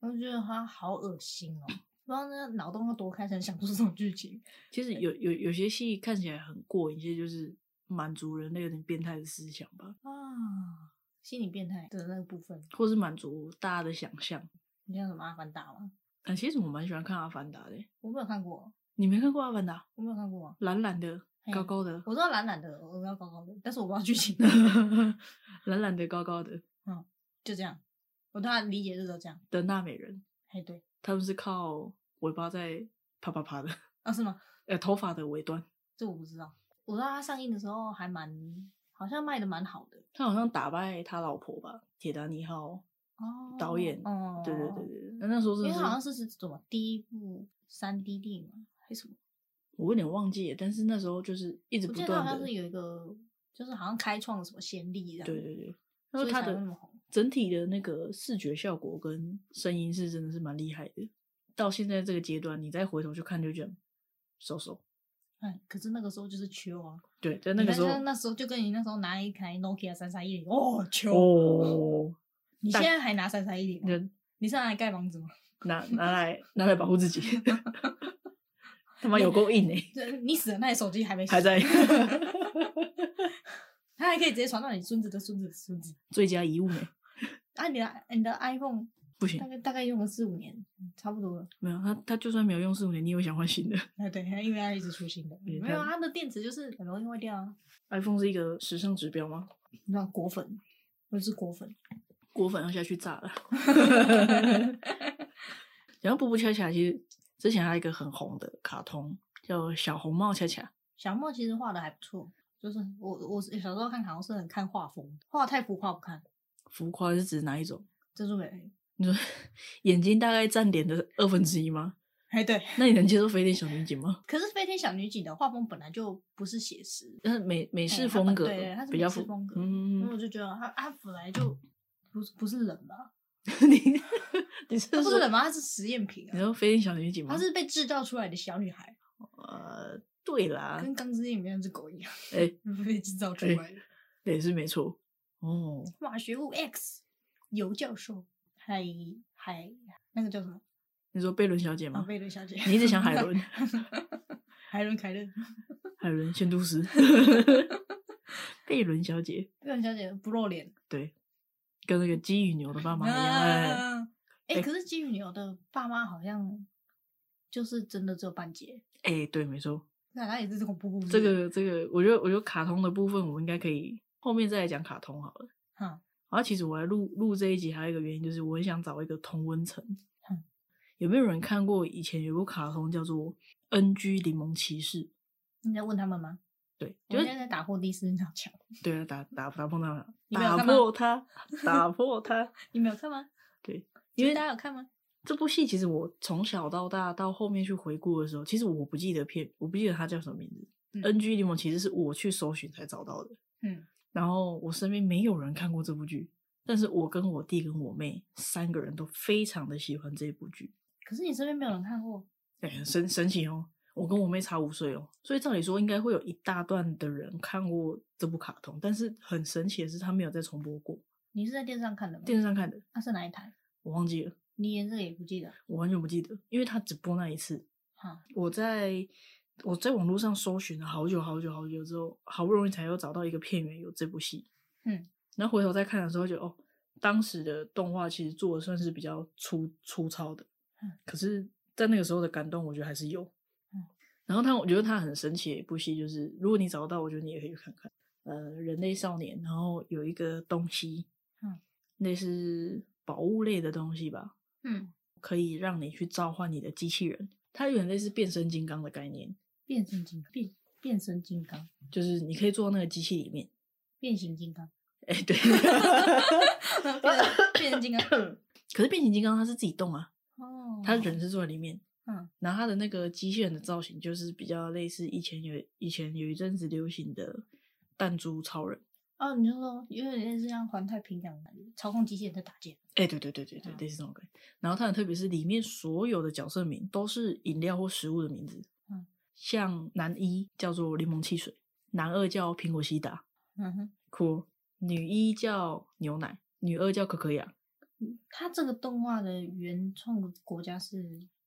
Speaker 1: 我就覺得他好噁心哦，不知道那腦洞要多開，才想出這種劇情。其實有有有些戲看起來很過癮，就是。滿足人類有點變態的思想吧啊，
Speaker 2: 心理變態的
Speaker 1: 那個部分，或是滿足大家的想象。
Speaker 2: 你像什麼阿凡
Speaker 1: 達嗎？其實我蠻喜歡看阿凡達的。
Speaker 2: 我沒有看過。
Speaker 1: 你沒看過阿凡達？我沒
Speaker 2: 有看過
Speaker 1: 啊。藍藍的，高高的。
Speaker 2: 我知道藍藍的，我知道高高的，但
Speaker 1: 是我不知道劇情。藍藍的，高高的。嗯，
Speaker 2: 就這樣。我對他理解就是這樣。
Speaker 1: 的納美人。哎，對。他們是靠尾巴在啪啪啪的。啊，是嗎？呃，頭髮的尾端。
Speaker 2: 這我不知道。我知道他上映的時候還蠻，好像賣的蠻好的。
Speaker 1: 他好像打敗他老婆吧，鐵達《鐵達尼號》
Speaker 2: 哦，導演，對、嗯、對
Speaker 1: 對對。那那時候真是，因為好
Speaker 2: 像是是什麼第一部三 D 的嘛，還是什麼？
Speaker 1: 我有點忘記。但是那時候就是一直不斷，的是
Speaker 2: 有一個，就是好像開創了什麼先例，這樣。對對對。所以才
Speaker 1: 整體的那個視覺效果跟聲音是真的是蠻厲害的。到現在這個階段，你再回頭去看，就覺得，嗖嗖。
Speaker 2: 嗯、可是那個時候就是窮啊。
Speaker 1: 對，在那個時候，那
Speaker 2: 時候就跟你那時候拿一台 Nokia、ok、三三一零，哦，
Speaker 1: 窮！哦、你現在
Speaker 2: 還拿三三一零？你是拿來蓋房子嗎？
Speaker 1: 拿拿來拿來保護自己。 [LAUGHS] [LAUGHS] 他媽有夠硬哎、
Speaker 2: 欸！你死了，那台手機還沒死還在？ [LAUGHS] 他還可以直接傳到你孫子的孫子的孫子。
Speaker 1: 最佳遺物呢、欸。
Speaker 2: 啊，你的你的 iPhone。不行，大概大概用了四五年，差不多了。
Speaker 1: 沒有，它它就算沒有用四五年，你也會想換新的。哎， [LAUGHS] 對，因為它一直出新的，沒有它
Speaker 2: 的電池就是很容易
Speaker 1: 壞掉啊。iPhone 是一個時尚指標嗎？那果粉，我是果粉，果粉要下去炸了。然後布布恰恰，其實之前還有一個很紅的卡通叫小紅帽恰恰，
Speaker 2: 小紅帽其實畫的還不錯，就是我我小時候看卡通是很看畫風，畫得太浮誇不看。
Speaker 1: 浮誇是指哪一種？珍珠美。你說眼睛大概佔臉的二分之一嗎？哎，對。那你能接受《飛天小女警》嗎？
Speaker 2: 可是《飛天小女警》的畫風本來就不是寫實，
Speaker 1: 是美美式風格，對，它是比較復古風格。嗯，我
Speaker 2: 就覺得它它本來就不是不是人吧？你
Speaker 1: 不是人嗎？它是實驗品。你說《飛天小女警》嗎？它是被
Speaker 2: 製造出來的小女孩。呃，
Speaker 1: 對啦，跟
Speaker 2: 《鋼之翼》裡面那隻狗一樣，哎，被製造
Speaker 1: 出來的對，是沒錯。
Speaker 2: 哦，化學物 X，尤教授。海海，那個叫
Speaker 1: 什麼？你說貝倫小姐嗎？貝倫、哦、小姐，你一直想海倫，
Speaker 2: [LAUGHS] 海倫凱勒、
Speaker 1: 海倫仙度絲，貝 [LAUGHS] 倫小姐，
Speaker 2: 貝倫小姐不露臉，
Speaker 1: 對，跟那個雞與牛的爸媽一樣。啊、哎，
Speaker 2: 欸欸、可是雞與牛的爸媽好像就是真的只有半截。
Speaker 1: 哎、欸，對，沒錯，
Speaker 2: 那他也是這個不露
Speaker 1: 面這個這個，我覺得我覺得卡通的部分，我應該可以後面再來講卡通好了。嗯然後其實我來錄錄這一集還有一個原因，就是我很想找一個同溫層。嗯、有沒有人看過？以前有個卡通叫做《NG 檸檬騎士》？
Speaker 2: 你在問他們
Speaker 1: 嗎？對，我現在在打破第四道牆。對啊，打打打，打碰到他，打破他，打破他。 [LAUGHS] 你沒有看嗎？對，因為大家有看嗎？這部戲其實我從小到大到後面去回顧的時候，其實我不記得片，我不記得它叫什麼名字。嗯、NG 檸檬其實是我去搜尋才找到的。嗯。然後我身邊沒有人看過這部劇，但是我跟我弟跟我妹三個人都非常的喜歡這部劇。
Speaker 2: 可是你身邊沒有人看過，
Speaker 1: 哎、欸，神神奇哦！我跟我妹差五歲哦，所以照理說應該會有一大段的人看過這部卡通，但是很神奇的是，他沒有再重播過。
Speaker 2: 你是在電視上看的嗎？電視上看的。那、啊、是哪一台？我忘記了。你連這個也不記得？
Speaker 1: 我完全不記得，因為他只播那一次。
Speaker 2: 好
Speaker 1: 哈，我在。我在網絡上搜尋了好久好久好久之後，好不容易才又找到一個片源有這部戲。嗯，然後回頭再看的時候就，就哦，當時的動畫其實做的算是比較粗粗糙的。
Speaker 3: 嗯，
Speaker 1: 可是，在那個時候的感動，我覺得還是有。嗯，然後他，我覺得他很神奇的一部戲，就是如果你找到，我覺得你也可以去看看。呃，人類少年，然後有一個東西，嗯，類似寶物類的東西吧。嗯，可以讓你去召喚你的機器人，它有點類似變身金剛的概念。
Speaker 2: 變形金剛，變變形
Speaker 1: 金剛，就是你可以坐那個機器裡面。
Speaker 2: 變形金剛，哎、欸，對，
Speaker 1: [LAUGHS] 變形金剛。可是變形金剛它是自己動啊，哦，它人是坐在裡面，嗯，然後它的那個機器人的造型就是比較類似以前有以前有一陣子流行的彈珠超人。
Speaker 2: 哦、啊，你就說，有點類似像環太平洋的操控機器人在打架。
Speaker 1: 哎、欸，對對對對對，嗯、對是這種感覺。然後它很特別是裡面所有的角色名都是飲料或食物的名字。像男一叫做檸檬汽水，男二叫蘋果西打，嗯
Speaker 2: 哼，
Speaker 1: 哭，cool. 女一叫牛奶，女二叫可可亞、嗯。
Speaker 2: 他它這個動畫的原創國家是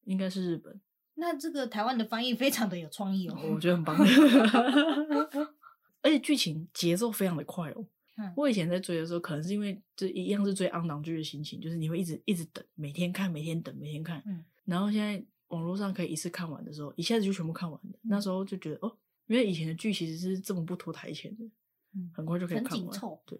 Speaker 2: 應該是日本。那這個台灣的翻譯非常的有創意哦，我覺得
Speaker 1: 很棒。 [LAUGHS] [LAUGHS] 而且劇情節奏非常的快哦。嗯、我以前在追的時候，可能是因為這一樣是追昂檔劇的心情，就是你會一直一直等，每天看，每天等，每天看。嗯、然後現在。網絡上可以一次看完的時候，一下子就全部看完的。那時候就覺得哦，因為以前的劇其實是這麼不拖台錢的，嗯、很快就可以看完。很緊湊。對，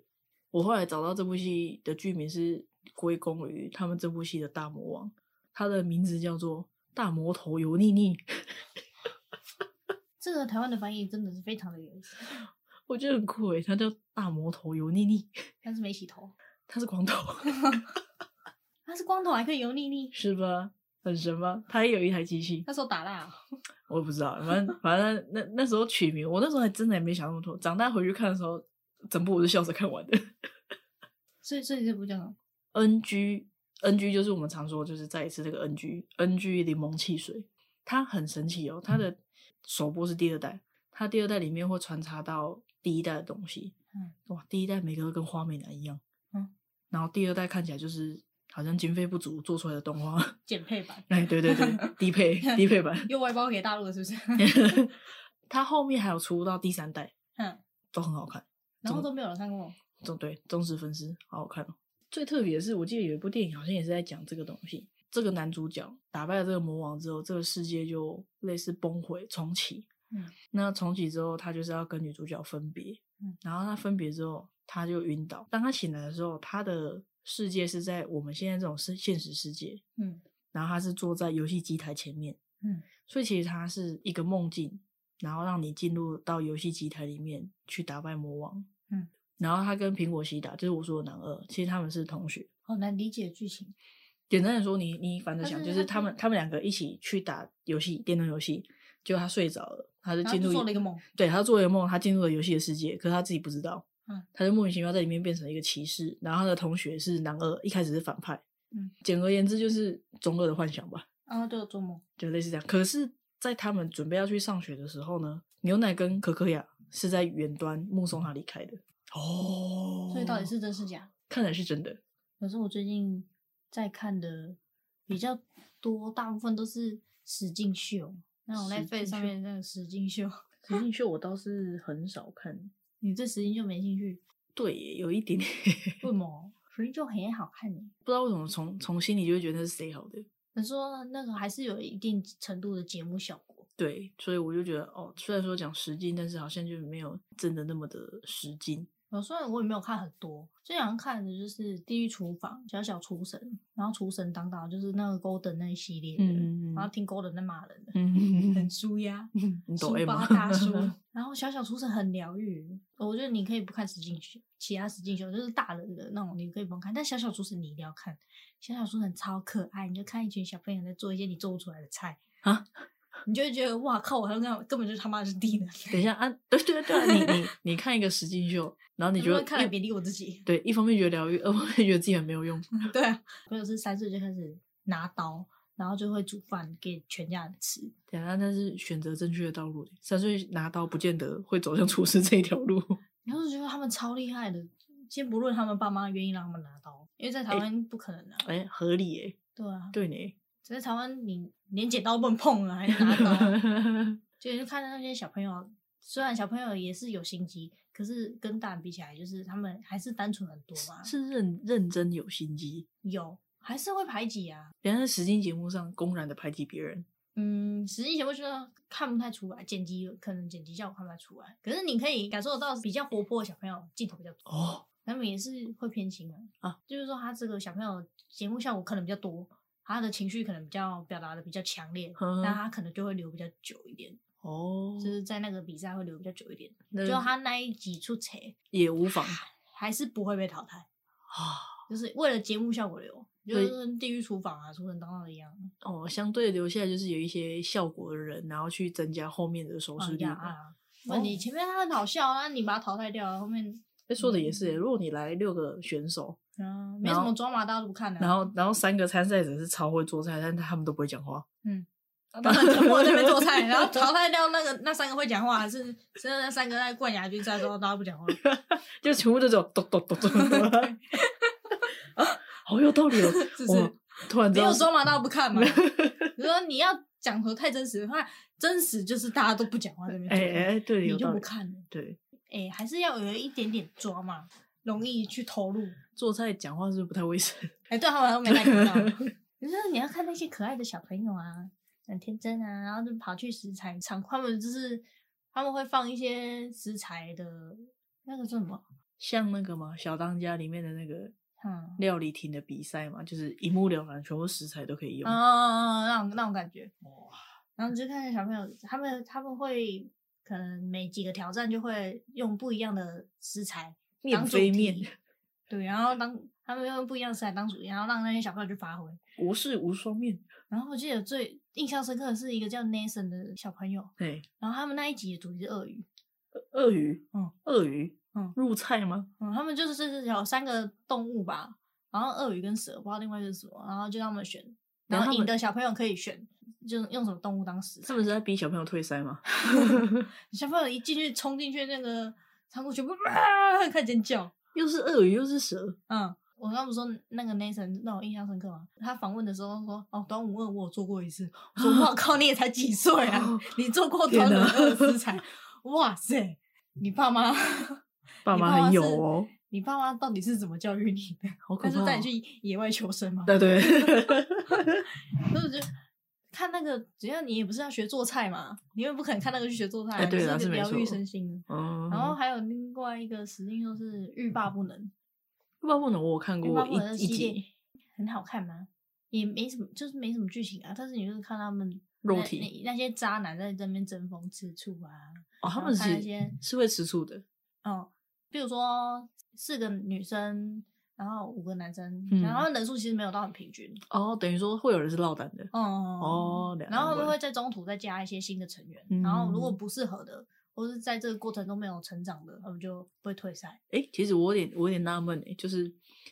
Speaker 1: 我後來找到這部戲的劇名是歸功於他們這部戲的大魔王，他的名字叫做大魔頭油膩膩。
Speaker 2: 這個台灣的翻譯真的是非常的有意
Speaker 1: 思，我覺得很酷哎，他叫大魔頭油膩膩。
Speaker 2: 但是沒洗頭。
Speaker 1: 他是光頭。
Speaker 2: 他 [LAUGHS] 是光頭，還可以油膩膩。
Speaker 1: 是吧？很神嗎？他也有一台機器。那時候打蠟，我不知道。反正反正那那時候取名，我那時候還真的也沒想到那麼多。長大回去看的時候，整部我是笑着看完的。
Speaker 2: 所以所以不這不叫
Speaker 1: NG NG 就是我們常說就是再一次這個 NG NG 檸檬汽水，它很神奇哦。它的首播是第二代，它第二代裡面會穿插到第一代的東西。嗯，哇，第一代每個都跟花美男一樣。嗯，然後第二代看起來就是。好像經費不足做出來的動畫，減配版。哎， [LAUGHS] 對對對， [LAUGHS] 低配低配版，又 [LAUGHS] 外包給大陸了，是不是？ [LAUGHS] [LAUGHS] 他後面還有出到第三代，嗯，都很好看。然後都沒有人看過，忠對忠實粉絲，好好看哦。最特別的是，我記得有一部電影，好像也是在講這個東西。這個男主角打敗了這個魔王之後，這個世界就類似崩潰重啟。嗯，那重啟之後，他就是要跟女主角分別。然後他分別之後，他就暈倒。當他醒來的時候，他的。世界是在我們現在這種是現實世界，嗯，然後他是坐在遊戲機台前面，
Speaker 3: 嗯，
Speaker 1: 所以其實他是一個夢境，然後讓你進入到遊戲機台裡面去打敗魔王，嗯，然後他跟蘋果西打，就是我說的男二，其實他們是同學，好、哦、難理解劇情。簡單的說你，你你反正想，是就是他們他們兩個一起去打遊戲，電動遊戲，就他睡着了，他就進入就做了一個夢，對，他做了一個夢，他進入了遊戲的世界，可是他自己不知道。嗯，他就莫名其妙在裡面變成了一個騎士，然後他的同學是男二，一開始是反派。嗯，簡而言之就是中二的幻想吧。
Speaker 2: 啊，對，做夢，
Speaker 1: 就類似這樣。可是，在他們準備要去上學的時候呢，牛奶跟可可雅是在遠端目送他離開的。哦、嗯，所以到底是真是假？看來是真的。
Speaker 2: 可是我最近在看的比較多，大部分都是實境秀，那種在 face 上面那個實境秀。
Speaker 1: 實境秀，秀我倒是很少看。 [LAUGHS] 你這實境就沒興趣？對，有一點點不磨。為什麼？實境就很好看，不知道為什麼從從心裡就會覺得那是誰好的。
Speaker 2: 他說那個還是有一定程度的節目效果。
Speaker 1: 對，所以我就覺得哦，雖然說講實境，但是好像就沒有真的那麼的實境。
Speaker 2: 我、哦、雖然我也沒有看很多，最常看的就是《地獄廚房》、《小小廚神》，然後《廚神當道》就是那個 Gordon 那一系列的，嗯嗯然後聽 Gordon 在罵人的，嗯嗯很舒壓，叔巴，嗯、哼大叔，然後《小小廚神》很療癒，我覺得你可以不看《實境秀》，其他《實境秀》就是大人的那種，你可以不用看，但《小小廚神》你一定要看，《小小廚神》超可愛，你就看一群小朋友在做一些你做不出來的菜啊。你就會覺得哇靠我！我還有那樣根本就是他媽是弟呢。等
Speaker 1: 一下啊，對對對、啊，你你你看一個實境秀，然後你就看來別理我自己。 [LAUGHS] 對，一方面覺得療癒，二方面覺得自己很沒有用。
Speaker 2: 嗯、對、啊，或者是三歲就開始拿刀，然後就會煮飯給
Speaker 1: 全家人吃。等一下，但是選擇正確的道路，三歲拿刀不見得會走向廚師這一條路。
Speaker 2: 然後就覺得他們超厲害的，先不論他們爸媽願意讓他們拿刀，因為在台灣不可能的、啊。
Speaker 1: 哎、欸欸，合理誒、欸。對啊。對你
Speaker 2: 在台灣，你連剪刀
Speaker 1: 不能碰了，還拿
Speaker 2: 刀。 [LAUGHS] 就看到那些小朋友，雖然小朋友也是有心機，可是跟大人比起來，就是他們還是單純很多嘛。是，
Speaker 1: 是認認真有心機，
Speaker 2: 有還是會排擠啊。
Speaker 1: 別人的實境節目上公然的排擠別人。
Speaker 2: 嗯，實境節目就看不太出來，剪輯可能剪輯效果看不太出來。可是你可以感受得到比較活潑的小朋友鏡頭比較多哦。他們也是會偏心的啊，啊就是說他這個小朋友節目效果可能比較多。他的情緒可能比較表達的比較強烈，那他可能就會留比較久一點。哦，就是在那個比賽會留比較久一點，就他那一集出彩，也無妨，還是不會被淘汰啊。就是
Speaker 1: 為了節目效果留，就是跟
Speaker 2: 地獄廚房啊、廚神當道一樣。
Speaker 1: 哦，相對留下來就是有一些效果的人，然後去增加後面的收視率。那你前面他很好
Speaker 2: 笑，那你把他淘汰掉，後面，
Speaker 1: 哎說的也是，如果你來六個選手。
Speaker 2: 啊，沒什麼抓馬，大家都不看的。然
Speaker 1: 後，然後三個參賽者是超會做菜，但他們都不會講話。嗯，
Speaker 2: 他們全部在那邊做菜，然後淘汰掉那個那三個會講話，還是剩下那三個在冠亞軍賽中，大家不講話，
Speaker 1: 就全部都走。咚咚咚咚好有道理哦！就是突然只有抓
Speaker 2: 馬，大家不看嘛。如果你要講說太真實的話，真實就是大家都不講話這邊。
Speaker 1: 哎哎，對，你就不看了。對，
Speaker 2: 哎，還是要有一點點抓嘛，容易去投入。做菜講話是不是不
Speaker 1: 太衛生？
Speaker 2: 哎、欸，對他、啊、們沒看到。可 [LAUGHS] 是你要看那些可愛的小朋友啊，很天真啊，然後就跑去食材場，他們就是他們會放一些食材的那個叫什麼？
Speaker 1: 像那個嗎？小當家裡面的那個，
Speaker 2: 嗯，
Speaker 1: 料理廳的比賽嘛，嗯、就是一目了然，全部食材都可以用啊
Speaker 2: 啊啊！那種那種感覺哇！然後你就看見小朋友，他們他們會可能每幾個挑戰就會用不一樣的食材當主題，飛面對，然後當他們用不一樣食材當主題，然後讓那些小朋友去發揮，
Speaker 1: 無事無雙麵。
Speaker 2: 然後我記得最印象深刻的是一個叫 Nathan 的小朋友，對嘿。然後他們那一集的主題是鱷魚，
Speaker 1: 鱷魚，嗯，鱷魚，嗯，入菜嗎？嗯，
Speaker 2: 他們就是這是有三個動物吧，然後鱷魚跟蛇，不知道另外一個是什麼，然後就讓他們選，然後贏的小朋友可以選，就是
Speaker 1: 用什麼動物當食材。他們是在逼小朋友退賽嗎？
Speaker 2: [LAUGHS] [LAUGHS] 小朋友一進去衝進去那個倉庫全部啊，開始尖叫。又是鱷魚，又是蛇。嗯，我剛不是說那個 Nathan 讓我印象深刻嗎？他訪問的時候說：“哦，端午二我有做過一次。”我說：“哇、啊、靠，你也才幾歲啊？啊你做過端午的資產、啊、哇塞，你爸媽，爸媽很有哦？你爸媽到底是怎麼教育你的？好可怕、哦、是帶你去野外求生嗎？”對
Speaker 1: 對，對對對對
Speaker 2: 哈。真的看那個，只要你也不是要學做菜嘛，你又不可能看那個去學做菜，只、欸，是療癒身
Speaker 1: 心。嗯、然後還
Speaker 2: 有另外一個，實際上就是欲罷不能。
Speaker 1: 欲罷、嗯、不能，我看過一集，不能
Speaker 2: 的很好看嗎？也沒什麼，就是沒什麼劇情啊。但是你就是看他們肉體那，那些渣男在這邊爭風吃醋啊。哦，他們是那些
Speaker 1: 是會吃醋的。
Speaker 2: 哦，比如說四個女生。然後五個男生，嗯、然後人數其實沒有到很平均
Speaker 1: 哦，等於說會有人是落單的
Speaker 2: 哦、嗯、哦，然後他們會在中途再加一些新的成員，嗯、然後如果不適合的，或是在這個過程中沒有成長的，他們就會退賽。
Speaker 1: 誒、欸，其實我有點我有點納悶呢、欸，就是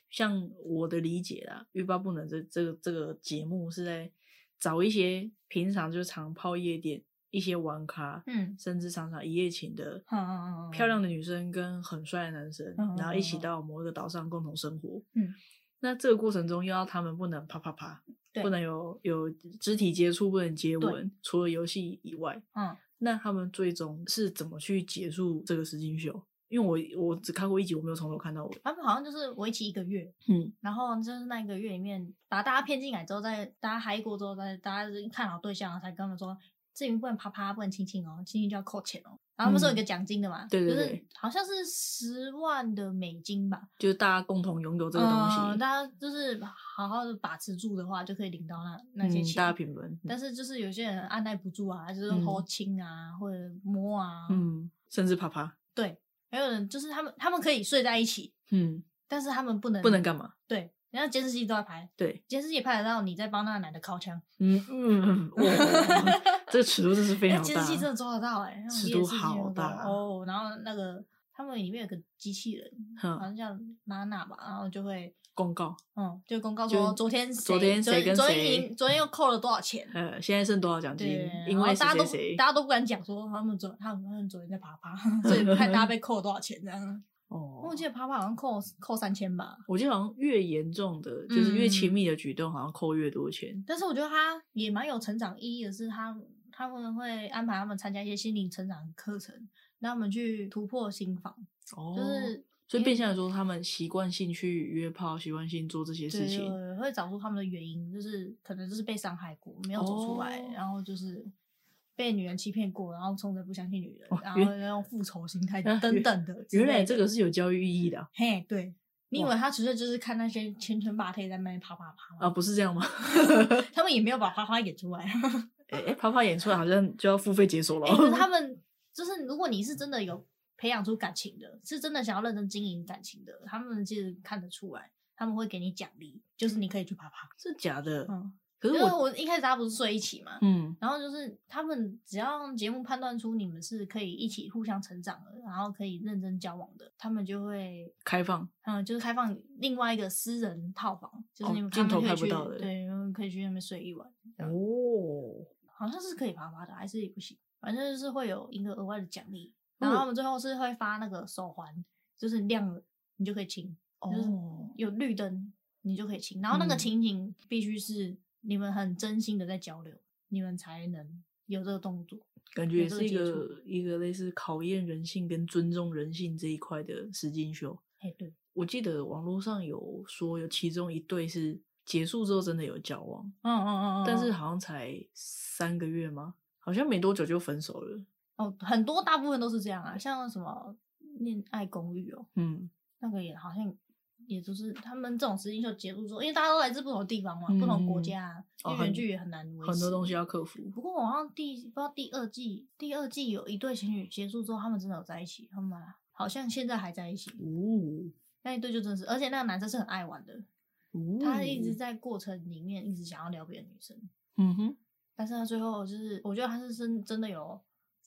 Speaker 1: 像我的理解啦，欲罷不能這這個這個節目是在找一些平常就常泡夜店。一些玩咖，嗯，甚至常常一夜情的，嗯嗯嗯，
Speaker 3: 嗯嗯嗯嗯漂
Speaker 1: 亮的女生跟很帥的男生，嗯嗯嗯、然後一起到某個島上共同生活，嗯，那這個過程中要他們不能啪啪啪，對，不能有有肢體接觸，不能接吻，對除了遊戲以外，嗯，那他們最終是怎麼去結束這個實境秀？因為我我只看過一集，我沒有從頭看到尾，他們、啊、好像就是為期一個月，嗯，然
Speaker 2: 後就是那一個月裡面把大家騙進來之後，在大家嗨過之後，在大家看好對象才跟他們說。至於不能啪啪，不能親親哦，親親就要扣錢哦。然後不是有一個獎金的嘛、嗯？對對對，就是好像是十萬的美金吧，
Speaker 1: 就是大家共同擁有這個東西、呃。大
Speaker 2: 家就是好好的把持住的話，就可以領到那那些錢、嗯、大家
Speaker 1: 平分，嗯、但是
Speaker 2: 就是有些人按捺不住啊，就是偷親啊，嗯、或者摸啊，嗯，
Speaker 1: 甚至啪啪。
Speaker 2: 對，還有人就是他們，他們可以睡在一起，嗯，但是他們不能，不能幹嘛？對。然後監視器都在拍，對，監視器拍得到你在幫那個男的靠槍，嗯
Speaker 1: 嗯，哇，這個尺度真是非常大，監視器真的
Speaker 2: 抓得到，誒，尺度好大哦。然後那個他們裡面有個機器人，好像叫娜娜吧，然後就會
Speaker 1: 公告，嗯，
Speaker 2: 就公告說昨天昨天誰跟誰贏，昨天又扣了多少
Speaker 1: 錢，呃，現在剩多少獎金，因為誰誰誰，大家
Speaker 2: 都不敢講說他們昨他他們昨天在啪啪，所以看大家被扣了多少錢這樣。哦，我記得啪啪好像扣扣三千吧。
Speaker 1: 我記得好像越嚴重的，就是越親密的舉動，好像扣越多錢，嗯。
Speaker 2: 但是我覺得他也蠻有成長意義的，是他他們會安排他們參加一些心靈成長的課程，讓他們去突破
Speaker 1: 心防。哦。就是，所以變相來說，他們習慣性去約炮，習慣性做這些事情對對
Speaker 2: 對，會找出他們的原因，就是可能就是被傷害過，沒有走出來，哦、然後就是。被女人欺騙過，然後從此不相信女人，哦、然後用復仇心態等等的，的原。原來這
Speaker 1: 個是有教育意義的，
Speaker 2: 啊嗯。嘿，對，哇你以為他純粹就是看那些青春八鐵在那裡啪啪啪
Speaker 1: 嗎？啊，不是這樣嗎？
Speaker 2: [LAUGHS] [LAUGHS] 他們也沒有把啪啪演出來。
Speaker 1: 哎、 [LAUGHS] 欸，啪、欸、啪演出來好像就要付費解鎖了。欸、他
Speaker 2: 們就是，如果你是真的有培養出感情的，是真的想要認真經營感情的，他們其實看得出來，他們會給你獎勵，就是你可以去啪啪。是
Speaker 1: 假的？嗯。
Speaker 2: 因為我，我一開始大家不是睡一起嘛，嗯，然後就是他們只要節目判斷出你們是可以一起互相成長的，然後可以認真交往的，他們就會開放，嗯，就是開放另外一個私人套房，就是鏡、哦、頭看不到的，對，可以去那邊睡一晚。
Speaker 1: 哦，
Speaker 2: 好像是可以啪啪的，還是也不行，反正就是會有一個額外的獎勵，然後我們最後是會發那個手環，就是亮了你就可以親，嗯、就是有綠燈你就可以親，然後那個情景必須是。你們很真心的在交流，你們才能有這個動作。感覺也是一個
Speaker 1: 束一個類似考驗人性跟尊重人性這一塊的實境秀。哎，
Speaker 2: 對，
Speaker 1: 我記得網絡上有說，有其中一對是結束之後真的有交往，嗯
Speaker 2: 嗯嗯嗯，但是好像
Speaker 1: 才三個月嗎？好像沒多久就分手了。
Speaker 2: 哦，很多大部分都是這樣啊，像什麼戀愛公寓哦，嗯，那個也好像。也就是他們這種事情就結束之後，因為大家都來自不同地方嘛，嗯、不同國家，遠距，哦、也很難維持，很多東
Speaker 1: 西要克服。不
Speaker 2: 過我好像第不知道第二季第二季，有一對情侶結束之後，他們真的有在一起，他們好像現在還在一起。嗚、哦，那一對就真是，而且那個男生是很愛玩的，哦、他一直在過程裡面一直想要撩別的女生。嗯哼，但是他最後就是我覺得他是真真的有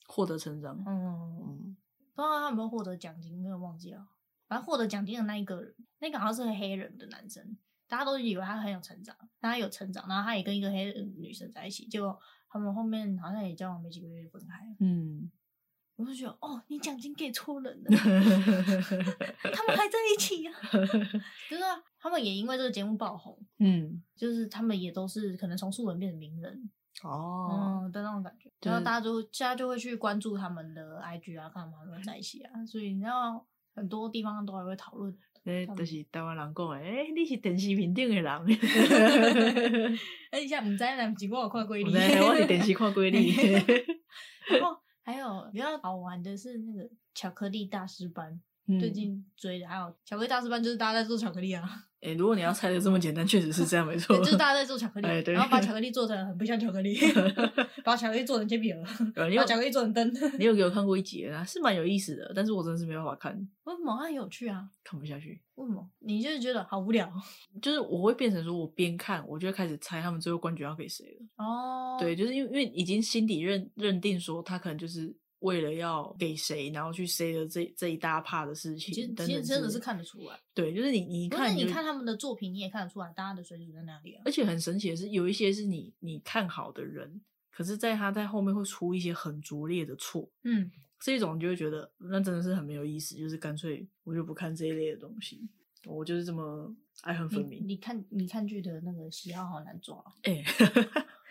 Speaker 1: 獲得成長。嗯，
Speaker 2: 嗯不知道他有沒有獲得獎金，沒有忘記了，反正獲得獎金的那一個人。那個好像是個黑人的男生，大家都以為他很有成長，但他有成長，然後他也跟一個黑女生在一起，結果他們後面好像也交往沒幾個月就分開了。
Speaker 3: 嗯，
Speaker 2: 我就覺得哦，你獎金給錯人了， [LAUGHS] [LAUGHS] 他們還在一起呀，啊？ [LAUGHS] 就是啊，他們也因為這個節目爆紅，嗯，就是他們也都是可能從素人變成名人哦的、嗯、那種感覺，對然後大家都現在就會去關注他們的 IG 啊，看他們在一起啊，所以你知道很多地方都還會討論。
Speaker 1: 誒，就是台灣人講的，誒、欸，你是電視屏頂的人，
Speaker 2: 哈哈哈哈哈哈！誒，而且唔知呢，唔是我有看過你， [LAUGHS] 我是電視
Speaker 1: 看過你， [LAUGHS]
Speaker 2: [LAUGHS] [LAUGHS] 然後還有比較好玩的是那個巧克力大師班。最近追的還有《巧克力大師班》，就是大家在做巧克力
Speaker 1: 啊。哎、欸，如果你要猜的這麼簡單，確 [LAUGHS] 實是這樣，沒錯、欸。就是大家在做巧克力，欸、然後把巧克力做成很不像巧克力， [LAUGHS] [LAUGHS] 把巧克力做成煎餅了，把巧克力做成燈。你有給我看過一集啊？是蠻有意思的，但是我真的是沒辦法看。
Speaker 2: 為什麼？也有趣啊，
Speaker 1: 看不下去。為什麼？你就是覺得好無聊。就是我會變成說，我邊看我就開始猜他們最後冠軍要給誰了。哦，對，就是因為因為已經心底認認定說他可能就是。為了要給誰，然後去塞了這這一大帕的事情其實，其實真的是
Speaker 2: 看得出來。
Speaker 1: 對，就是你你看你，是你
Speaker 2: 看他們的作品，你也看得出來，大家的水準在哪裡啊？
Speaker 1: 而且很神奇的是，有一些是你你看好的人，可是，在他在後面會出一些很拙劣的錯。嗯，這種你就會覺得那真的是很沒有意思，就是乾脆我就不看這一類的東西。我就是這麼愛恨分明。
Speaker 2: 你，你看，你看劇的那個喜好好難抓。哎。 [LAUGHS]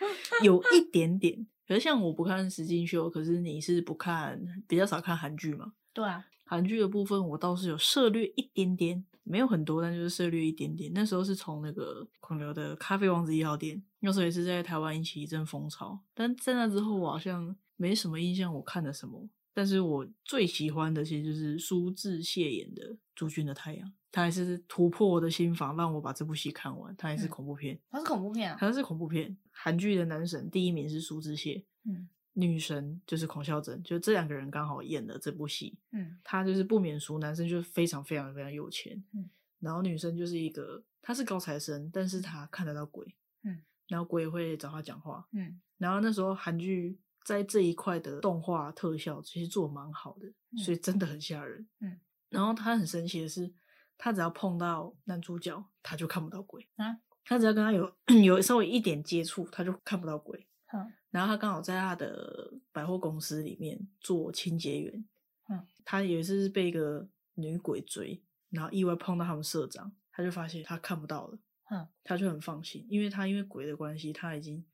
Speaker 1: [LAUGHS] 有一點點，可是像我不看《實境秀》，可是你是不看比較少看韓劇嘛？對啊，韓劇的部分我倒是有涉略一點點，沒有很多，但就是涉略一點點。那時候是從那個孔劉的《咖啡王子一號店》，那時候也是在台灣引起一陣風潮，但在那之後我好像沒什麼印象我看的什麼。但是我最喜歡的其實就是蘇志燮演的《主君的太陽》。他還是突破我的心防，讓我把這部戲看完。他還是恐怖片、嗯，
Speaker 2: 他是恐怖片啊，好
Speaker 1: 像是恐怖片。韓劇的男神第一名是蘇志燮，嗯，女神就是孔孝真，就這兩個人剛好演的這部戲，嗯，他就是不免俗，男生就是非常非常非常有錢，嗯，然後女生就是一個，他是高材生，但是他看得到鬼，嗯，然後鬼也會找他講話，嗯，然後那時候韓劇在這一塊的動畫特效其實做蠻好的，所以真的很嚇人嗯，嗯，然後他很神奇的是。他只要碰到男主角，他就看不到鬼。啊，他只要跟他有有稍微一點接觸，他就看不到鬼。嗯，然後他剛好在他的百貨公司裡面做清潔員。嗯，他有一次是被一個女鬼追，然後意外碰到他們社長，他就發現他看不到了。嗯，他就很放心，因為他因為鬼的關係，他已經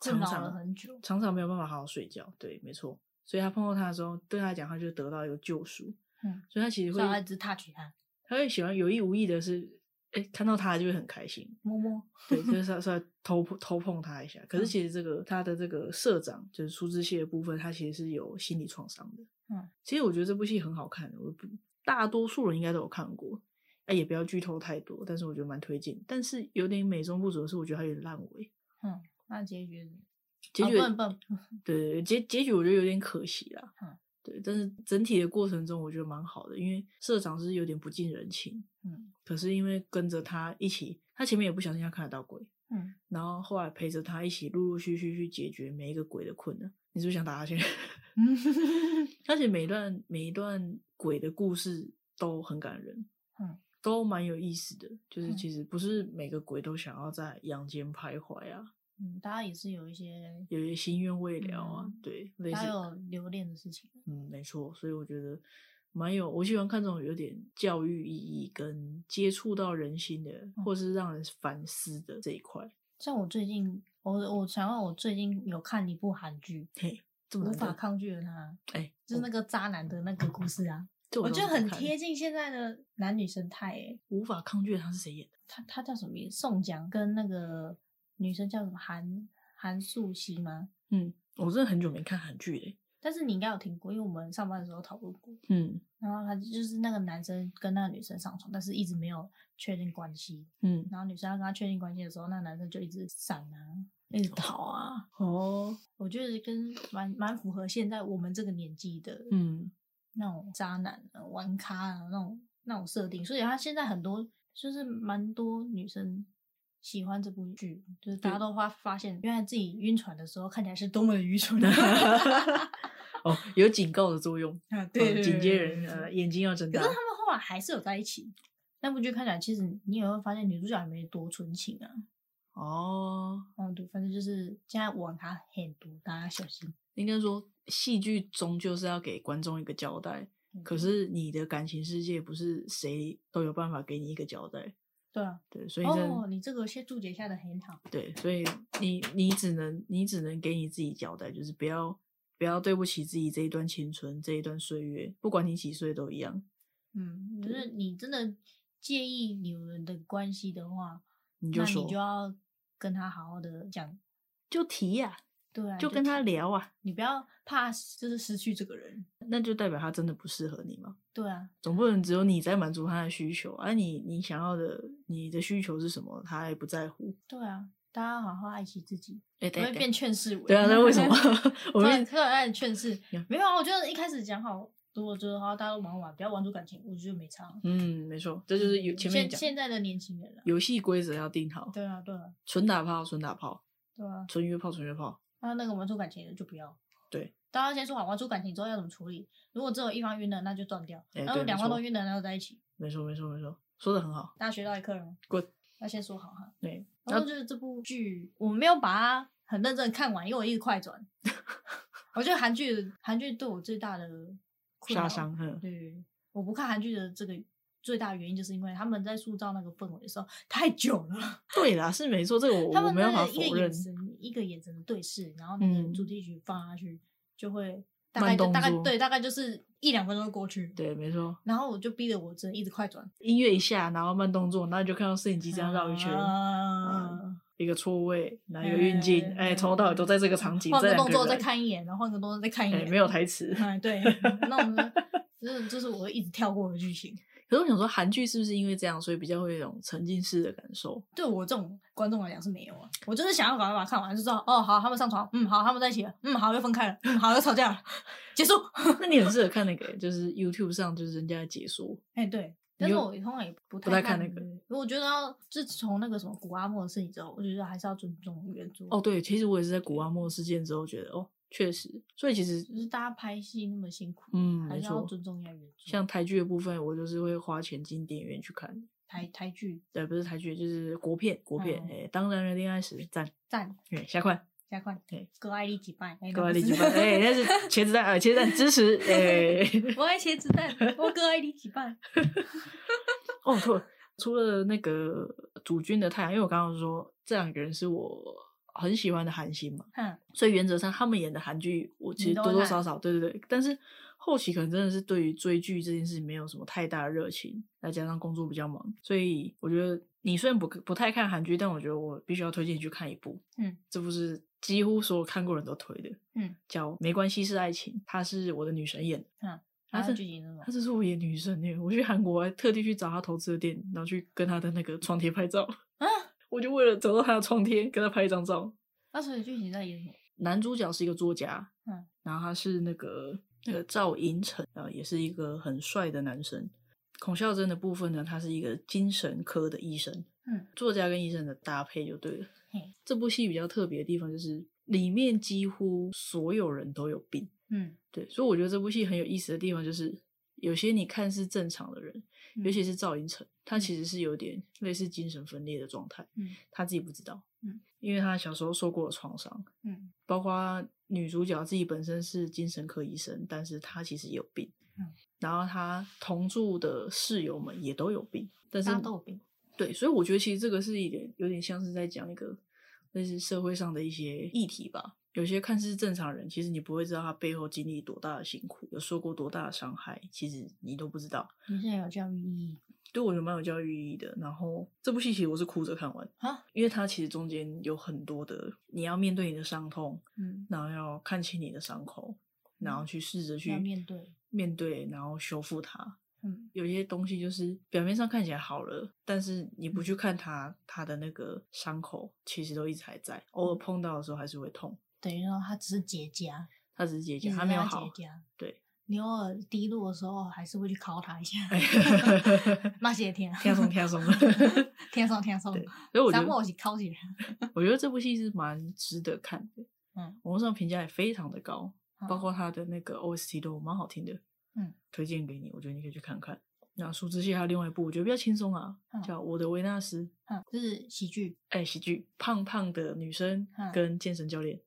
Speaker 1: 常常長長了很久，常常沒有辦法好好睡覺。對，沒錯，所以他碰到他的時候，對他來講，他就得到一個救贖。嗯，所以他其實會他一
Speaker 2: 直 touch 他。
Speaker 1: 他會喜歡有意無意的是，誒、欸、看到他就會很開心，摸摸，對，就是說偷偷碰他一下。可是其實這個、嗯、他的這個社長，就是蘇志燮的部分，他其實是有心理創傷的。嗯，其實我覺得這部戲很好看，我大多數人應該都有看過。哎、欸，也不要劇透太多，但是我覺得蠻推薦。但是有點美中不足的是，我覺得他有點爛尾。嗯，
Speaker 2: 那結局，
Speaker 1: 結局、哦、對，對，對結結局我覺得有點可惜啦。嗯對，但是整體的過程中，我覺得蠻好的，因為社長是有點不近人情，嗯，可是因為跟着他一起，他前面也不小心要看得到鬼，嗯，然後後來陪着他一起，陸陸續續去解決每一個鬼的困難，你是不是想打他去？嗯、 [LAUGHS] 而且每一段每一段鬼的故事都很感人，嗯，都蠻有意思的，就是其實不是每個鬼都想要在陽間徘徊啊。
Speaker 2: 嗯，大家也是有一些
Speaker 1: 有一些心願未了啊，嗯、對，還有
Speaker 2: 留戀的事情。嗯，
Speaker 1: 沒錯，所以我覺得蠻有我喜歡看這種有點教育意義跟接觸到人心的，或是讓人反思的這一塊、嗯。
Speaker 2: 像我最近，我我想問我最近有看一部韓劇，嘿，這麼無法抗拒的他，哎、欸，就是那個渣男的那個故事啊，嗯、我覺得很貼近現在的男女生態、欸。無法抗拒的他是誰演的？他他叫什麼名字？宋江跟那個。女生叫什麼？韓韓素希嗎？嗯，
Speaker 1: 我真的很久沒看韓劇嘞。
Speaker 2: 但是你應該有聽過，因為我們上班的時候討論過。嗯，然後他就是那個男生跟那個女生上床，但是一直沒有確定關係。嗯，然後女生要跟他確定關係的時候，那男生就一直閃啊，嗯、一直逃啊。哦，我覺得跟蠻蠻符合現在我們這個年紀的，嗯，那種渣男、玩咖啊，那種那種設定，所以他現在很多就是蠻多女生。喜歡這部劇，就是大家都發發現，對原來自己暈船的時候看起來是多麼
Speaker 1: 愚蠢啊！ [LAUGHS] [LAUGHS] 哦，有警告的作用，啊、對，嗯、對警戒人、呃，對眼睛要睜大。可是
Speaker 2: 他們後來還是有在一起。那部劇看起來，其實你也會發現女主角還沒多純情啊。哦，嗯，對，反正就是現在網查很多，大家小心。
Speaker 1: 應該說，戲劇終究是要給觀眾一個交代，嗯、可是你的感情世界不是誰都有辦法給你一個交代。對啊，對，所以哦，
Speaker 2: 你這個先注解一下的很好。
Speaker 1: 對，所以你你只能你只能給你自己交代，就是不要不要對不起自己這一段青春這一段歲月，不管你幾歲都一樣。
Speaker 2: 嗯，就是對你真的介意你們的關係的話，
Speaker 1: 你就說那你就
Speaker 2: 要跟他好好的講，
Speaker 1: 就提呀、啊。對啊，就跟他聊啊，
Speaker 2: 你不要怕，就是失去這個人，
Speaker 1: 那就代表他真的不適合你嘛。對啊，總不能只有你在滿足他的需求，而你你想要的，你的需求是什麼？他也不在乎。
Speaker 2: 對啊，大家好好愛惜自己，不會變勸世為。對啊，那為什麼？
Speaker 1: 我很特愛勸世？
Speaker 2: 沒有啊，我覺得一開始講好，如果覺得哈，大家玩玩，不要玩出感情，我覺得沒差。
Speaker 1: 嗯，沒錯，這就是有前面現
Speaker 2: 在的年輕人，
Speaker 1: 遊戲規則要定好。對啊，對啊，純打炮，純打炮。
Speaker 2: 對啊，
Speaker 1: 純約炮，純約炮。
Speaker 2: 那那個玩出感情的就不要，
Speaker 1: 對，
Speaker 2: 大家先說好，玩出感情之後要怎麼處理？如果只有一方暈了，那就斷掉；然後兩方都暈了，然後在一起。
Speaker 1: 沒錯，沒錯，沒錯，說得很好。
Speaker 2: 大家學到一課了嗎？滾！要先說好哈。對。然後就是這部劇，我沒有把它很認真看完，因為我一直快轉。我覺得韓劇，韓劇對我最大的殺傷力。對，我不看韓劇的這個最大原因，就是因為他們在塑造那個氛圍的時候太久
Speaker 1: 了。對啦，是沒錯，這個我沒有辦法否認。
Speaker 2: 一個眼神的對視，然後那個主題曲放下去，就會大概就大概對，大概就是一兩分鐘過去。對，沒錯。然後我就逼着我只能一直快轉
Speaker 1: 音樂一下，然後慢動作，那就看到攝影機這樣繞一圈，一個錯位，然後一個運鏡，哎，從頭到尾都在這個場景。換個動作再看
Speaker 2: 一眼，然後換個動作再看一眼，沒有台詞。哎，對，那我們就是就是我一
Speaker 1: 直跳過的劇情。可是我想說，韓劇是不是因為這樣，所以比較會有一種沉浸式的感受？對我
Speaker 2: 這種觀眾來講是沒有啊，我就是想要把它看完就，就知道哦，好，他們上床，嗯，好，他們在一起了，
Speaker 1: 嗯，好，又分開了，嗯，好， [LAUGHS] 又吵架了，結束。 [LAUGHS] 那你很適合看那個、欸，就是 YouTube 上就是人家在解說，哎、
Speaker 2: 欸，對。用但是我通常也不太看，不太看那個，我覺得要，自從那個什麼谷阿莫的事情之後，我覺得還是要尊重原著。哦，
Speaker 1: 對，其實我也是在谷阿莫事件之後覺得，哦。確實，所以其實就
Speaker 2: 是大家拍戲那麼辛苦，嗯，還是要尊重一下
Speaker 1: 原著。像台劇的部分，我就是會花錢進電影院去看台台劇。呃不是台劇，就是國片。國片，嗯欸、當然人戀愛時，讚讚。對讚，下快
Speaker 2: 下快款對，
Speaker 1: 哥、欸、愛你幾半哥、那個、愛你幾半哎，那、欸、是茄子蛋、 [LAUGHS] 啊，茄子蛋支持，哎、欸，
Speaker 2: 我愛茄子蛋，我哥愛你幾半
Speaker 1: [LAUGHS] 哦，除除了那個主君的太陽，因為我剛剛說，剛剛說這兩個人是我。很喜歡的韓星嘛，嗯，所以原則上他們演的韓劇，我其實多多少少，對對對。但是後期可能真的是對於追劇這件事情沒有什麼太大的熱情，再加上工作比較忙，所以我覺得你雖然不不太看韓劇，但我覺得我必須要推薦你去看一部，嗯，這部是幾乎所有看過人都推的，嗯，叫《沒關係是愛情》，她是我的女神演的，嗯，啊、她是她是我演女神耶，我去韓國還特地去找她投資的店，然後去跟她的那個床貼拍照，啊。我就為了走到他的窗天，跟他拍一張照。
Speaker 2: 那所以劇情在演什麼？
Speaker 1: 男主角是一個作家，嗯，然後他是那個那個趙寅成啊，也是一個很帥的男生。孔孝真的部分呢，他是一個精神科的醫生，嗯，作家跟醫生的搭配就對了。這部戲比較特別的地方就是，裡面幾乎所有人都有病，嗯，對，所以我覺得這部戲很有意思的地方就是，有些你看是正常的人，尤其是趙寅成。他其實是有點類似精神分裂的狀態，嗯，他自己不知道，嗯，因為他小時候受過創傷，嗯，包括女主角自己本身是精神科醫生，但是她其實有病，嗯，然後他同住的室友們也都有病，但是，都有病。對，所以我覺得其實這個是一點有點像是在講一個類似社會上的一些議題吧，有些看似正常人，其實你不會知道他背後經歷多大的辛苦，有受過多大的傷害，其實你都不知道，你現在有教育意義。對，我就蠻有教育意義的。然後這部戲其實我是哭着看完，啊蛤，因為它其實中間有很多的，你要面對你的傷痛，嗯，然後要看清你的傷口，嗯、然後去試着去面對，面對，然後修復它。
Speaker 3: 嗯，
Speaker 1: 有一些東西就是表面上看起來好了，但是你不去看它，嗯、它的那個傷口其實都一直還在，偶爾碰到的時候還是會痛。等於說它只是結痂，它只是結痂，還沒有好。結痂，對。
Speaker 2: 你偶爾低落的時候，還是會去考他一下。那些天，天松天松，天松天松。所以我就，考起來。
Speaker 1: 我覺得這部戲是蠻值得看的。嗯，網路上評價也非常的高，包括他的那個 OST 都蠻好聽的。嗯，推薦給你，我覺得你可以去看看。那蘇志燮還有另外一部，我覺得比較輕鬆啊，叫《我的維納斯》。嗯，就是喜劇。哎，喜劇，胖胖的女生跟健身教練。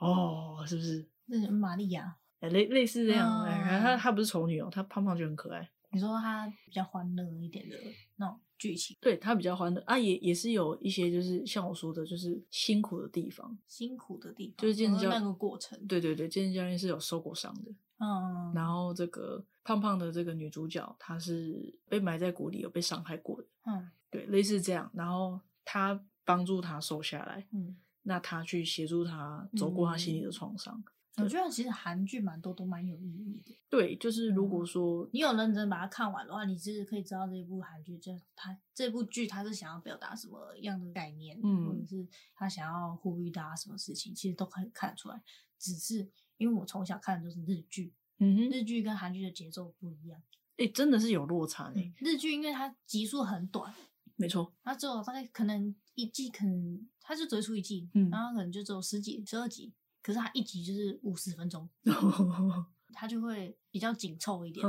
Speaker 1: 哦，是不是？那
Speaker 2: 是瑪利亞。
Speaker 1: 類類似這樣，然後、嗯欸、她她不是醜女哦、喔，她胖胖就很可愛。你
Speaker 2: 說她比較歡樂一點的那種
Speaker 1: 劇情？對，她比較歡樂啊，也也是有一些就是像我說的，就是辛苦的地方，
Speaker 2: 辛苦的地方，就、哦、是健身教練那個
Speaker 1: 過程。對對對，健身教練是有受過傷的。嗯，然後這個胖胖的這個女主角，她是被埋在谷裡有被傷害過的。嗯，對，類似這樣，然後他幫助她瘦下來，嗯，那他去協助她走過她心裡的創傷。嗯
Speaker 2: 我覺得其實韓劇蠻多都蠻有意義的。
Speaker 1: 對，就是如果說、嗯、你有
Speaker 2: 認真把它看完的話，你其實可以知道這一部韓劇，就它這部劇它是想要表達什麼樣的概念，嗯，或者是他想要呼籲大家什麼事情，其實都可以看得出來。只是因為我從小看的就是日劇，嗯哼，日劇跟韓劇的節奏不一樣，
Speaker 1: 哎、欸，真的是有落差誒、欸嗯。
Speaker 2: 日劇因為它集數很短，
Speaker 1: 沒錯，
Speaker 2: 它只有大概可能一季，可能，它就只會出一季，嗯，然後可能就只有十幾、十二集。可是它一集就是五十分鐘，它就會比較緊湊一點，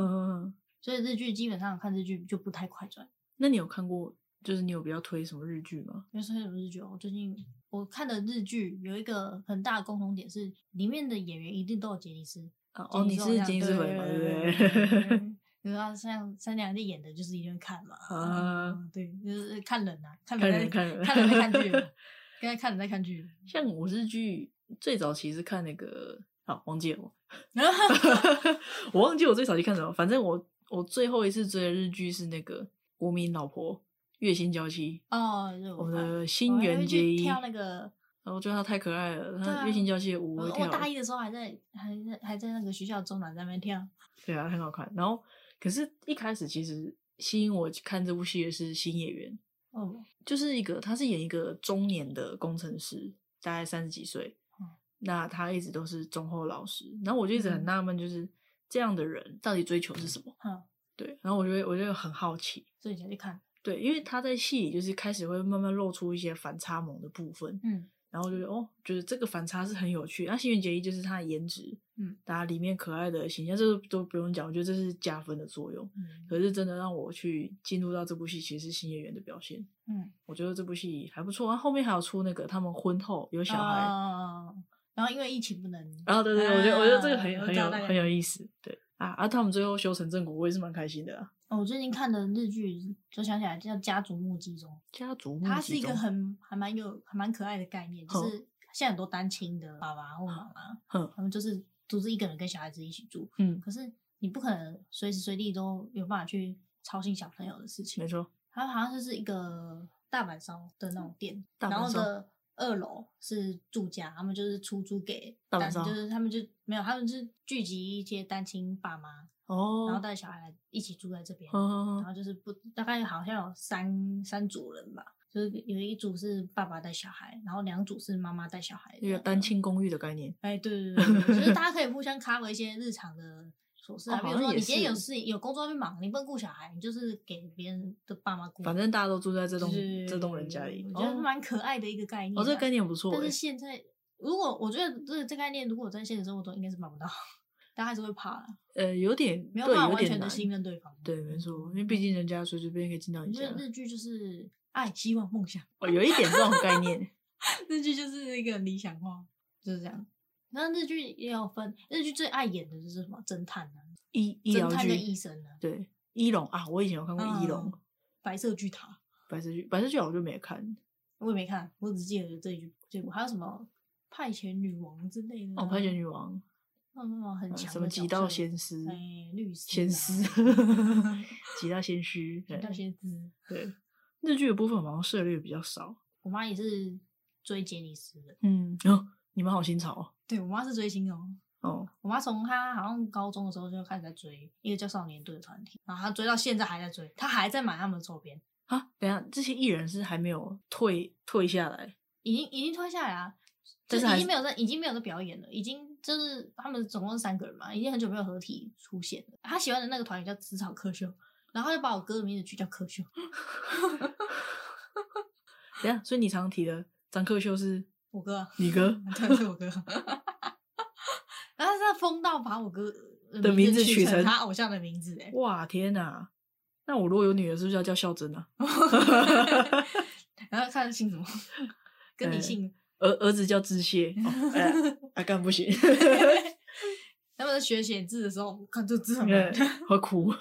Speaker 2: 所以日劇基本上看日劇就不太快轉。
Speaker 1: 那你有看過，就是你有比較推什麼日劇嗎？
Speaker 2: 有什麼日劇哦？我最近我看的日劇有一個很大的共同點是，裡面的演員一定都有傑尼斯。哦，你是傑尼斯粉嗎？對對對，因像三兩在演的就是一人看嘛，啊，對，就是看人啊，看人看人看人在看
Speaker 1: 劇，跟在看人在看劇。像我日劇。最早其實看那個啊，王、哦、忘記了我， [LAUGHS] [LAUGHS] 我忘記我最早期看什麼，反正我我最後一次追的日劇是那個《國民老婆月薪嬌妻》
Speaker 2: 哦，我
Speaker 1: 的新垣結衣
Speaker 2: 跳
Speaker 1: 那個，然後我覺得他太可愛了，她月薪嬌妻我跳的、哦。我大一的時候還在
Speaker 2: 還在還在那個學校中南在那邊
Speaker 1: 跳，對啊，很好看。然後，可是一開始其實吸引我看這部戲的是新演員哦，就是一個他是演一個中年的工程師，大概三十幾歲。那他一直都是忠厚老實，然後我就一直很納悶，就是、嗯、這樣的人到底追求是什麼？嗯，對。然後我覺得，我就很好奇。所以你先去看。對，因為他在戲裡就是開始會慢慢露出一些反差萌的部分。嗯，然後就覺得哦，就是這個反差是很有趣。那新垣結衣就是他的顏值，嗯，大家裡面可愛的形象，這都不用講，我覺得這是加分的作用。嗯。可是真的讓我去進入到這部戲，其實是新演員的表現。嗯，我覺得這部戲還不錯。然後，後面還有出那個他們婚後有小孩。啊
Speaker 2: 然後因為疫情不能，
Speaker 1: 然後、啊、對，對對，我覺得我覺得這個很、啊、很有很有意思，對啊啊，他們最後修成正果，我也是蠻開心的啊、哦。
Speaker 2: 我最近看的日劇，就想起來叫《家族募集中》，家
Speaker 1: 族募集。它是一個很
Speaker 2: 還蠻有還蠻可愛的概念，就是現在很多單親的爸爸或媽媽，嗯、啊、他、啊、們就是獨自一個人跟小孩子一起住，嗯，可是你不可能隨時隨地都有辦法去操心小朋友的事情，沒錯。它好像就是一個大阪燒的那種店，嗯、大阪燒、然後呢。二樓是住家，他們就是出租給，是但是就是他們就沒有，他們就是聚集一些單親爸媽哦，oh. 然後帶小孩一起住在這邊，oh. 然後就是不大概好像有三三組人吧，就是有一組是爸爸帶小孩，然後兩組是媽媽帶小孩，
Speaker 1: 那個單親公寓的概念，哎對，對對
Speaker 2: 對，就是大家可以互相 cover 一些日常的。
Speaker 1: 所啊，哦、是比如說你今天有
Speaker 2: 事有工作要去忙，你不能顧小孩，你就是給別人的爸媽顧。反
Speaker 1: 正大家都住在這棟是這棟人家裡，我覺得
Speaker 2: 蠻可愛的一個概念、啊哦。哦，這個概念不錯、欸。但是現在，如果我覺得這這概念，如果在現實生活中應該是買不到，大家還是會怕。呃，有點
Speaker 1: 沒有辦法完全的信任對方對。對，沒錯，因為畢竟人家隨隨便可以進到你家。我覺
Speaker 2: 得日劇就是愛、希望、夢想。
Speaker 1: 哦，有一點這種概念。
Speaker 2: [LAUGHS] 日劇就是那個理想化，就是這樣。那日劇也要分。日劇最愛演的就是什麼偵探呢？醫偵探跟醫生。
Speaker 1: 對，醫龍啊，我以前有看過醫龍。
Speaker 2: 白色巨塔，
Speaker 1: 白色劇，白色巨塔我就沒看，
Speaker 2: 我也沒看，我只記得這一句。這部還有什麼派遣女王之類的？哦，派
Speaker 1: 遣女王。很
Speaker 2: 強。什麼極
Speaker 1: 道鮮師？嗯，律師。鮮師，極道鮮師，極道鮮師。對，日劇的部分好像涉獵比較少。
Speaker 2: 我媽也是追傑尼斯的，嗯。
Speaker 1: 你們好新潮哦！
Speaker 2: 對我媽是追星哦、喔。哦，oh. 我媽從她好像高中的時候就開始在追一個叫少年隊的團體，然後她追到現在還在追，她還在買他們的周邊。
Speaker 1: 啊，等一下這些藝人是還沒有退退下來？
Speaker 2: 已經已經退下來了，就是，
Speaker 1: 已經，是，是已經沒
Speaker 2: 有在，已經沒有在表演了，已經就是他們總共是三個人嘛，已經很久沒有合體出現了。她喜歡的那個團體叫《植草克秀》，然後就把我哥的名字取叫克秀。 [LAUGHS] [LAUGHS] 等
Speaker 1: 下，所以你常常提的張克秀是？我哥，你哥，他、嗯、是我哥。然 [LAUGHS] 後他瘋到把我哥的名字取成他偶像的名字，的名字，哇天哪！那我如果有女兒，是不是要叫孝真啊？ [LAUGHS] 然後他姓什麼？跟你姓。欸、兒兒子叫知謝，哦哎、呀 [LAUGHS] 啊，更不行。
Speaker 2: [LAUGHS] 他們在學寫字的時候，我看，就看這字什麼？好苦。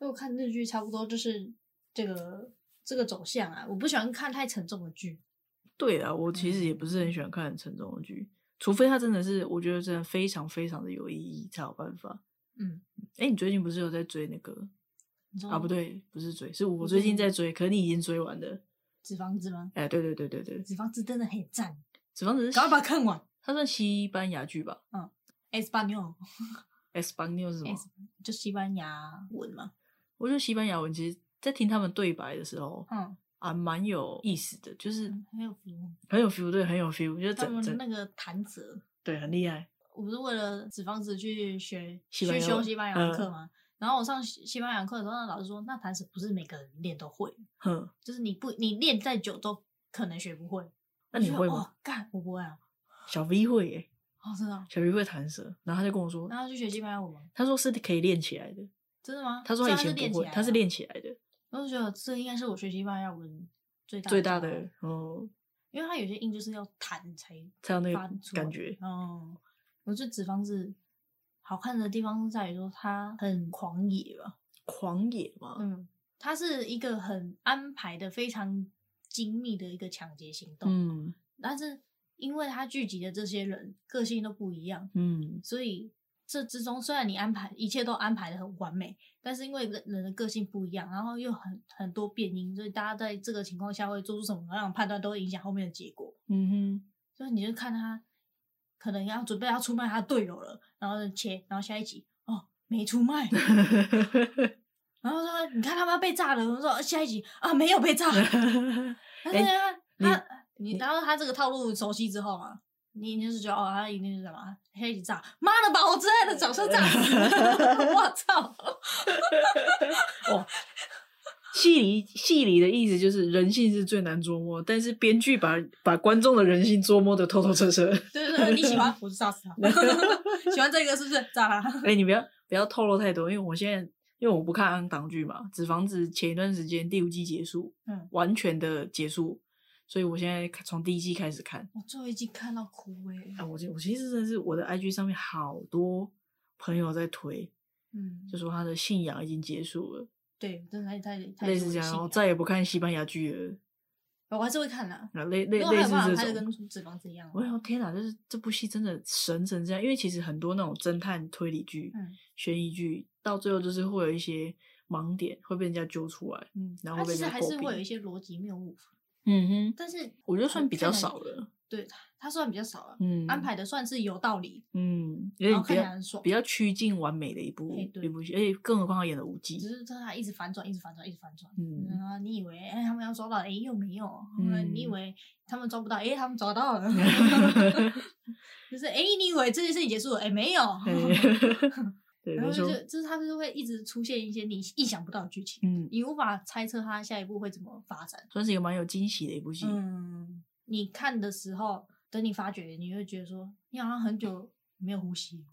Speaker 2: 又看日劇，差不多就是這個這個走向啊！我不喜歡看太沉重的劇。
Speaker 1: 對啊，我其實也不是很喜歡看很沉重的劇，除非他真的是我覺得真的非常非常的有意義才有辦法。嗯，哎，你最近不是有在追那個？啊，不對，不是追，是我最近在追，可是你已經追完的
Speaker 2: 《紙房子》嗎？
Speaker 1: 哎，對對對對對，《紙
Speaker 2: 房子》真的很讚。
Speaker 1: 紙房子是？趕快把它看完。它算西班牙劇吧？嗯 Español。Español 是什麼？就
Speaker 2: 西班牙文嘛。
Speaker 1: 我覺得西班牙文，其實在聽他們對白的時候，嗯。啊，蠻有意思的，就是很有 feel，很有 feel，對，很有 feel，就是他們那
Speaker 2: 個彈舌，對，很厲害。我不是為了找房子去學去修西班牙課嗎？然後我上西班牙課的時候，那老師說，那彈舌不是每個人練都會，就是你不你練再久都可能學不會。
Speaker 1: 那你會嗎？
Speaker 2: 幹，我不會啊。
Speaker 1: 小 V 會耶，哦，
Speaker 2: 真的，
Speaker 1: 小 V 會彈舌，然後他就跟我說，那
Speaker 2: 去學西班牙舞嗎？
Speaker 1: 他說是可以練起來的，
Speaker 2: 真的嗎？他說他以前不會，他是練起來的。我就覺得這應該是我學習西班牙文最大最大的，最大
Speaker 1: 的哦，因
Speaker 2: 為他有些音就是要彈才發出來才有那個感覺。哦，我覺得紙房子好看的地方是在於說他很狂野吧？狂野嗎？嗯，他是一個很安排的非常精密的一個搶劫行動。嗯，但是因為他聚集的這些人個性都不一樣。嗯，所以。這之中，雖然你安排一切都安排的很完美，但是因為人,人的個性不一樣，然後又很很多變因，所以大家在這個情況下會做出什麼樣的判斷，都會影響後面的結果。嗯哼，所以你就看他可能要準備要出賣他隊友了，然後切，然後下一集哦沒出賣， [LAUGHS] 然後說你看他們被炸了，我說下一集啊沒有被炸了， [LAUGHS] 但是他,、欸、他你當他這個套路熟悉之後啊。你一定是覺得哦，他一定是幹嘛？黑衣炸，媽的把我最愛的角色
Speaker 1: 炸死，我操！哦， [LAUGHS] 戲裡戲裡的意思就是人性是最難捉摸，但是編劇把把觀眾的人性捉摸的透透徹徹。對對對，你喜歡我就炸死他， [LAUGHS] 喜歡這個是不是炸他？哎、欸，你不要不要透露太多，因為我現在因為我不看港劇嘛，紙房子前一段時間第五季結束，嗯，完全的結束。所以我現在從第一季開始看，我、
Speaker 2: 哦、最後一季看到
Speaker 1: 哭哎！啊，我我其實真的是我的 IG 上面好多朋友在推，嗯，就說他的信仰已經結束了。對，
Speaker 2: 真的太太類似這樣，我、哦、
Speaker 1: 再也不看西班牙劇了、哦。
Speaker 2: 我還是會看啦、啊，
Speaker 1: 那、啊、類類類似是這跟紙
Speaker 2: 房子一樣、
Speaker 1: 啊。我、哦、天哪，就是這部戲真的神成這樣，因為其實很多那種偵探推理劇、懸疑劇，到最後就是會有一些盲點會被人家揪出來，嗯，然後是、啊、還是會有一
Speaker 2: 些邏輯謬誤。嗯哼，但是
Speaker 1: 我覺得算比較少了。
Speaker 2: 對，他算比較少了。嗯，安排的算是有道理。嗯，
Speaker 1: 然後看起來很爽，比較趨近完美的一部，一部戲。而且更何況他演的五集，只
Speaker 2: 是他一直反轉，一直反轉，一直反轉。嗯，然後你以為哎，他們要抓到，哎又沒有。後來你以為他們抓不到，哎他們抓到了。就是哎，你以為這件事情結束了，哎沒有。對，就就是，它是會一直出現一些你意想不到的劇情，嗯，你無法猜測它下一步會怎麼發展，
Speaker 1: 算是一個蠻有驚喜的一部戲。嗯，
Speaker 2: 你看的時候，等你發覺，你會覺得說，你好像很久沒有呼吸，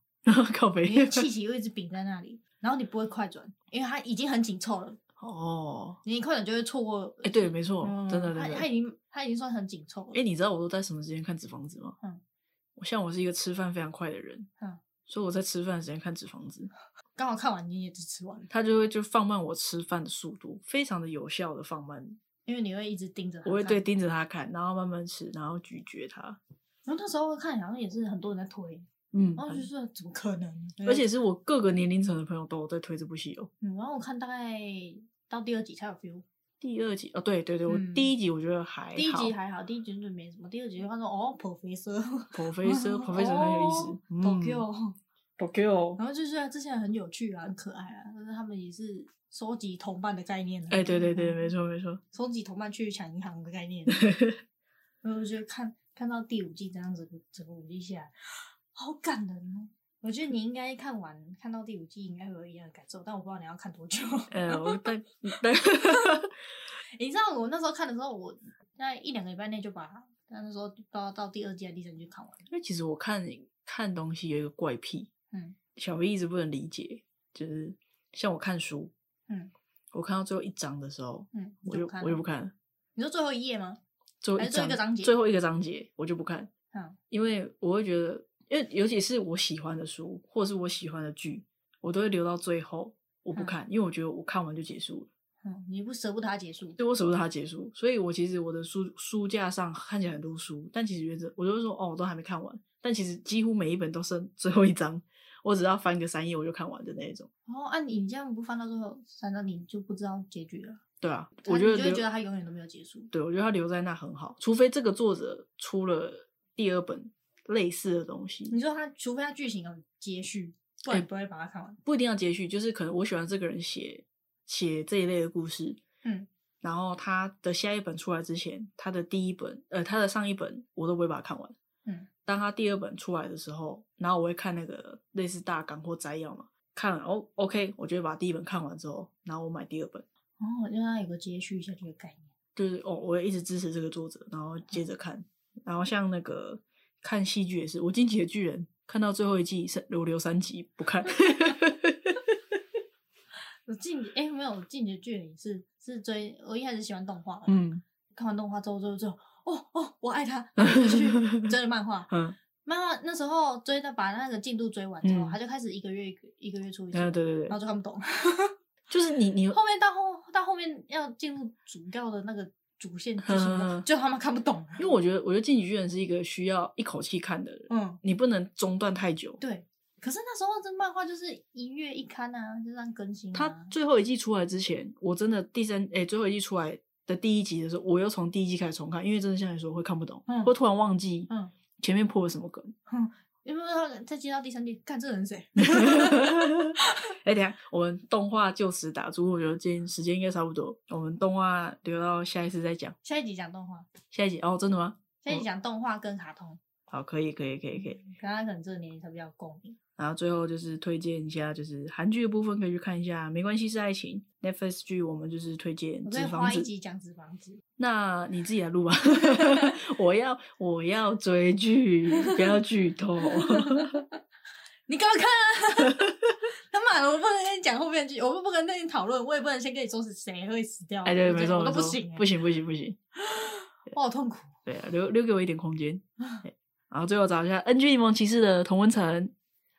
Speaker 1: 靠北，氣
Speaker 2: 息又一直屏在那裡， [LAUGHS] 然後你不會快轉，因為它已經很緊湊
Speaker 1: 了。
Speaker 2: 哦，你一快轉就會錯過。
Speaker 1: 哎，對，沒錯，真的、嗯，他他已經
Speaker 2: 他已經算很緊湊了。哎，
Speaker 1: 你知道我都在什麼時間看《紙房子》嗎？嗯，像我是一個吃飯非常快的人。嗯。所以我在吃飯的時間看紙房子，
Speaker 2: 剛好看完你也只吃完，
Speaker 1: 他就會就放慢我吃飯的速度，非常的有效的放慢。
Speaker 2: 因為你會一直盯着他，我會對
Speaker 1: 盯着他看，然後慢慢吃，然後咀嚼它。
Speaker 2: 嗯、然後那時候看好像也是很多人在推，
Speaker 1: 嗯，然後就說怎麼可能？嗯、而且是我各個年齡層的朋友都有在推這部戲哦。
Speaker 2: 嗯，然後我看大概到第二集才有 feel
Speaker 1: 第二集哦，對對對，我第一集我覺得還好，嗯，第一集
Speaker 2: 還好，第一集就沒什麼，第二集就他說哦，Professor，Professor，Professor 很有意思，Tokyo，Tokyo，然後就是得、啊、這些很有趣啊，很可愛啊，但是他們也是收集同伴的概念，啊，哎，對
Speaker 1: 對對，沒錯沒錯，
Speaker 2: 收集同伴去搶銀行的概念，啊，然後 [LAUGHS] 我覺得看看到第五季這樣子整，整個五季下來，好感人，啊。哦。我覺得你應該看完，看到第五季應該會有一樣的感受，但我不知道你要看多久。呃，
Speaker 1: 等，
Speaker 2: 等。你知道我那時候看的時候，我在一兩個禮拜內就把那時候到到第二季的第三季看完。因為
Speaker 1: 其實我看看東西有一個怪癖，嗯，小薇一直不能理解，就是像我看書，
Speaker 2: 嗯，
Speaker 1: 我看到最後一章的時候，嗯，就
Speaker 2: 看我就看我就不看。你說最後一頁嗎？
Speaker 1: 最後一章，最後一個章節，我就不看。嗯，因為我會覺得。因為尤其是我喜歡的書，或者是我喜歡的劇，我都會留到最後，嗯、我不看，因為我覺得我看完就結束了。嗯，你不舍不得它結束？對我舍不得它結束，所以我其實我的書書架上看起來很多書，但其實原則我就會說哦，我都還沒看完，但其實幾乎每一本都剩最後一章，我只要翻個三頁我就看完的那種。哦，啊，
Speaker 2: 你這樣不翻到最後三章你就不知道結局
Speaker 1: 了。對啊，他我覺得就，就覺得他永
Speaker 2: 遠
Speaker 1: 都沒有結束。對，我覺得他留在那很好，除非這個作者出了第二本。類似的東西，你說
Speaker 2: 他，除非他劇情有接續，對，不然你不會把它看完，欸、
Speaker 1: 不一定要接續，就是可能我喜歡這個人寫寫這一類的故事，嗯，然後他的下一本出來之前，他的第一本，呃，他的上一本，我都不會把它看完，嗯，當他第二本出來的時候，然後我會看那個類似大綱或摘要嘛，看了，哦，OK，我就把第一本看完之後，然後我買第二本，哦，
Speaker 2: 因為它有個接續一下
Speaker 1: 這個概念，就是哦，我一直支持這個作者，然後接着看，然後像那個。嗯看戲劇也是，我進擊的巨人看到最後一季是，留留三集不看。
Speaker 2: [LAUGHS] [LAUGHS] 我進擊哎，沒有，進擊的巨人是是追我一開始喜歡動畫，嗯，看完動畫之後之後之後，哦哦，我愛他，就去追的漫畫，嗯，漫畫那時候追的把那個進度追完之後，他、嗯、就開始一個月一個一個月出一集，啊，對對對，然後就看不懂，
Speaker 1: [LAUGHS] 就是你你
Speaker 2: 後面到後到後面要進入主要的那個。主
Speaker 1: 線劇情，嗯、就他媽看不懂。因為我覺得，我覺得《進擊巨人》是一個需要一口氣看的人，嗯，你不能中斷太久。對，
Speaker 2: 可是那時候這漫畫就是一月一刊啊，就這樣更新，啊。他
Speaker 1: 最後一季出來之前，我真的第三哎，欸，最後一季出來的第一集的時候，我又從第一季開始重看，因為真的像你說我會看不懂，嗯，會突然忘記嗯。前面鋪了什麼梗。嗯嗯
Speaker 2: 你不知道，再接到第三集，看這個、人是誰？
Speaker 1: 哎、 [LAUGHS] [LAUGHS] 欸，等一下，我們動畫就此打住。我覺得今天時間應該差不多，我們動畫留到下一次再講。
Speaker 2: 下一集講動畫，
Speaker 1: 下一集哦，真的嗎？
Speaker 2: 下一集講動畫跟卡通。
Speaker 1: 好、哦，可以，可以，可以，可
Speaker 2: 以。可能、嗯、可能這個年紀他比較共鳴。
Speaker 1: 然後最後就是推薦一下，就是韓劇的部分可以去看一下，沒關係是愛情。Netflix 劇我們就是推薦紙房子。我在花
Speaker 2: 一集
Speaker 1: 講紙房子，那你自己來錄吧， [LAUGHS] [LAUGHS] 我要我要追劇，不要劇透。
Speaker 2: [LAUGHS] 你給我看，啊！他媽的，我不能跟你講後面劇，我不能跟你討論，我也不能先跟你說是誰會死掉。哎，對，就沒錯錯，我都不行，欸、不行，
Speaker 1: 不行，不行，不行，
Speaker 2: 我好
Speaker 1: 痛苦。對、啊，留留給我一點空間。然後最後找一下《N G 檸檬騎士》的童文成。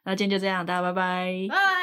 Speaker 1: 那今天就這樣，大家拜拜。拜拜。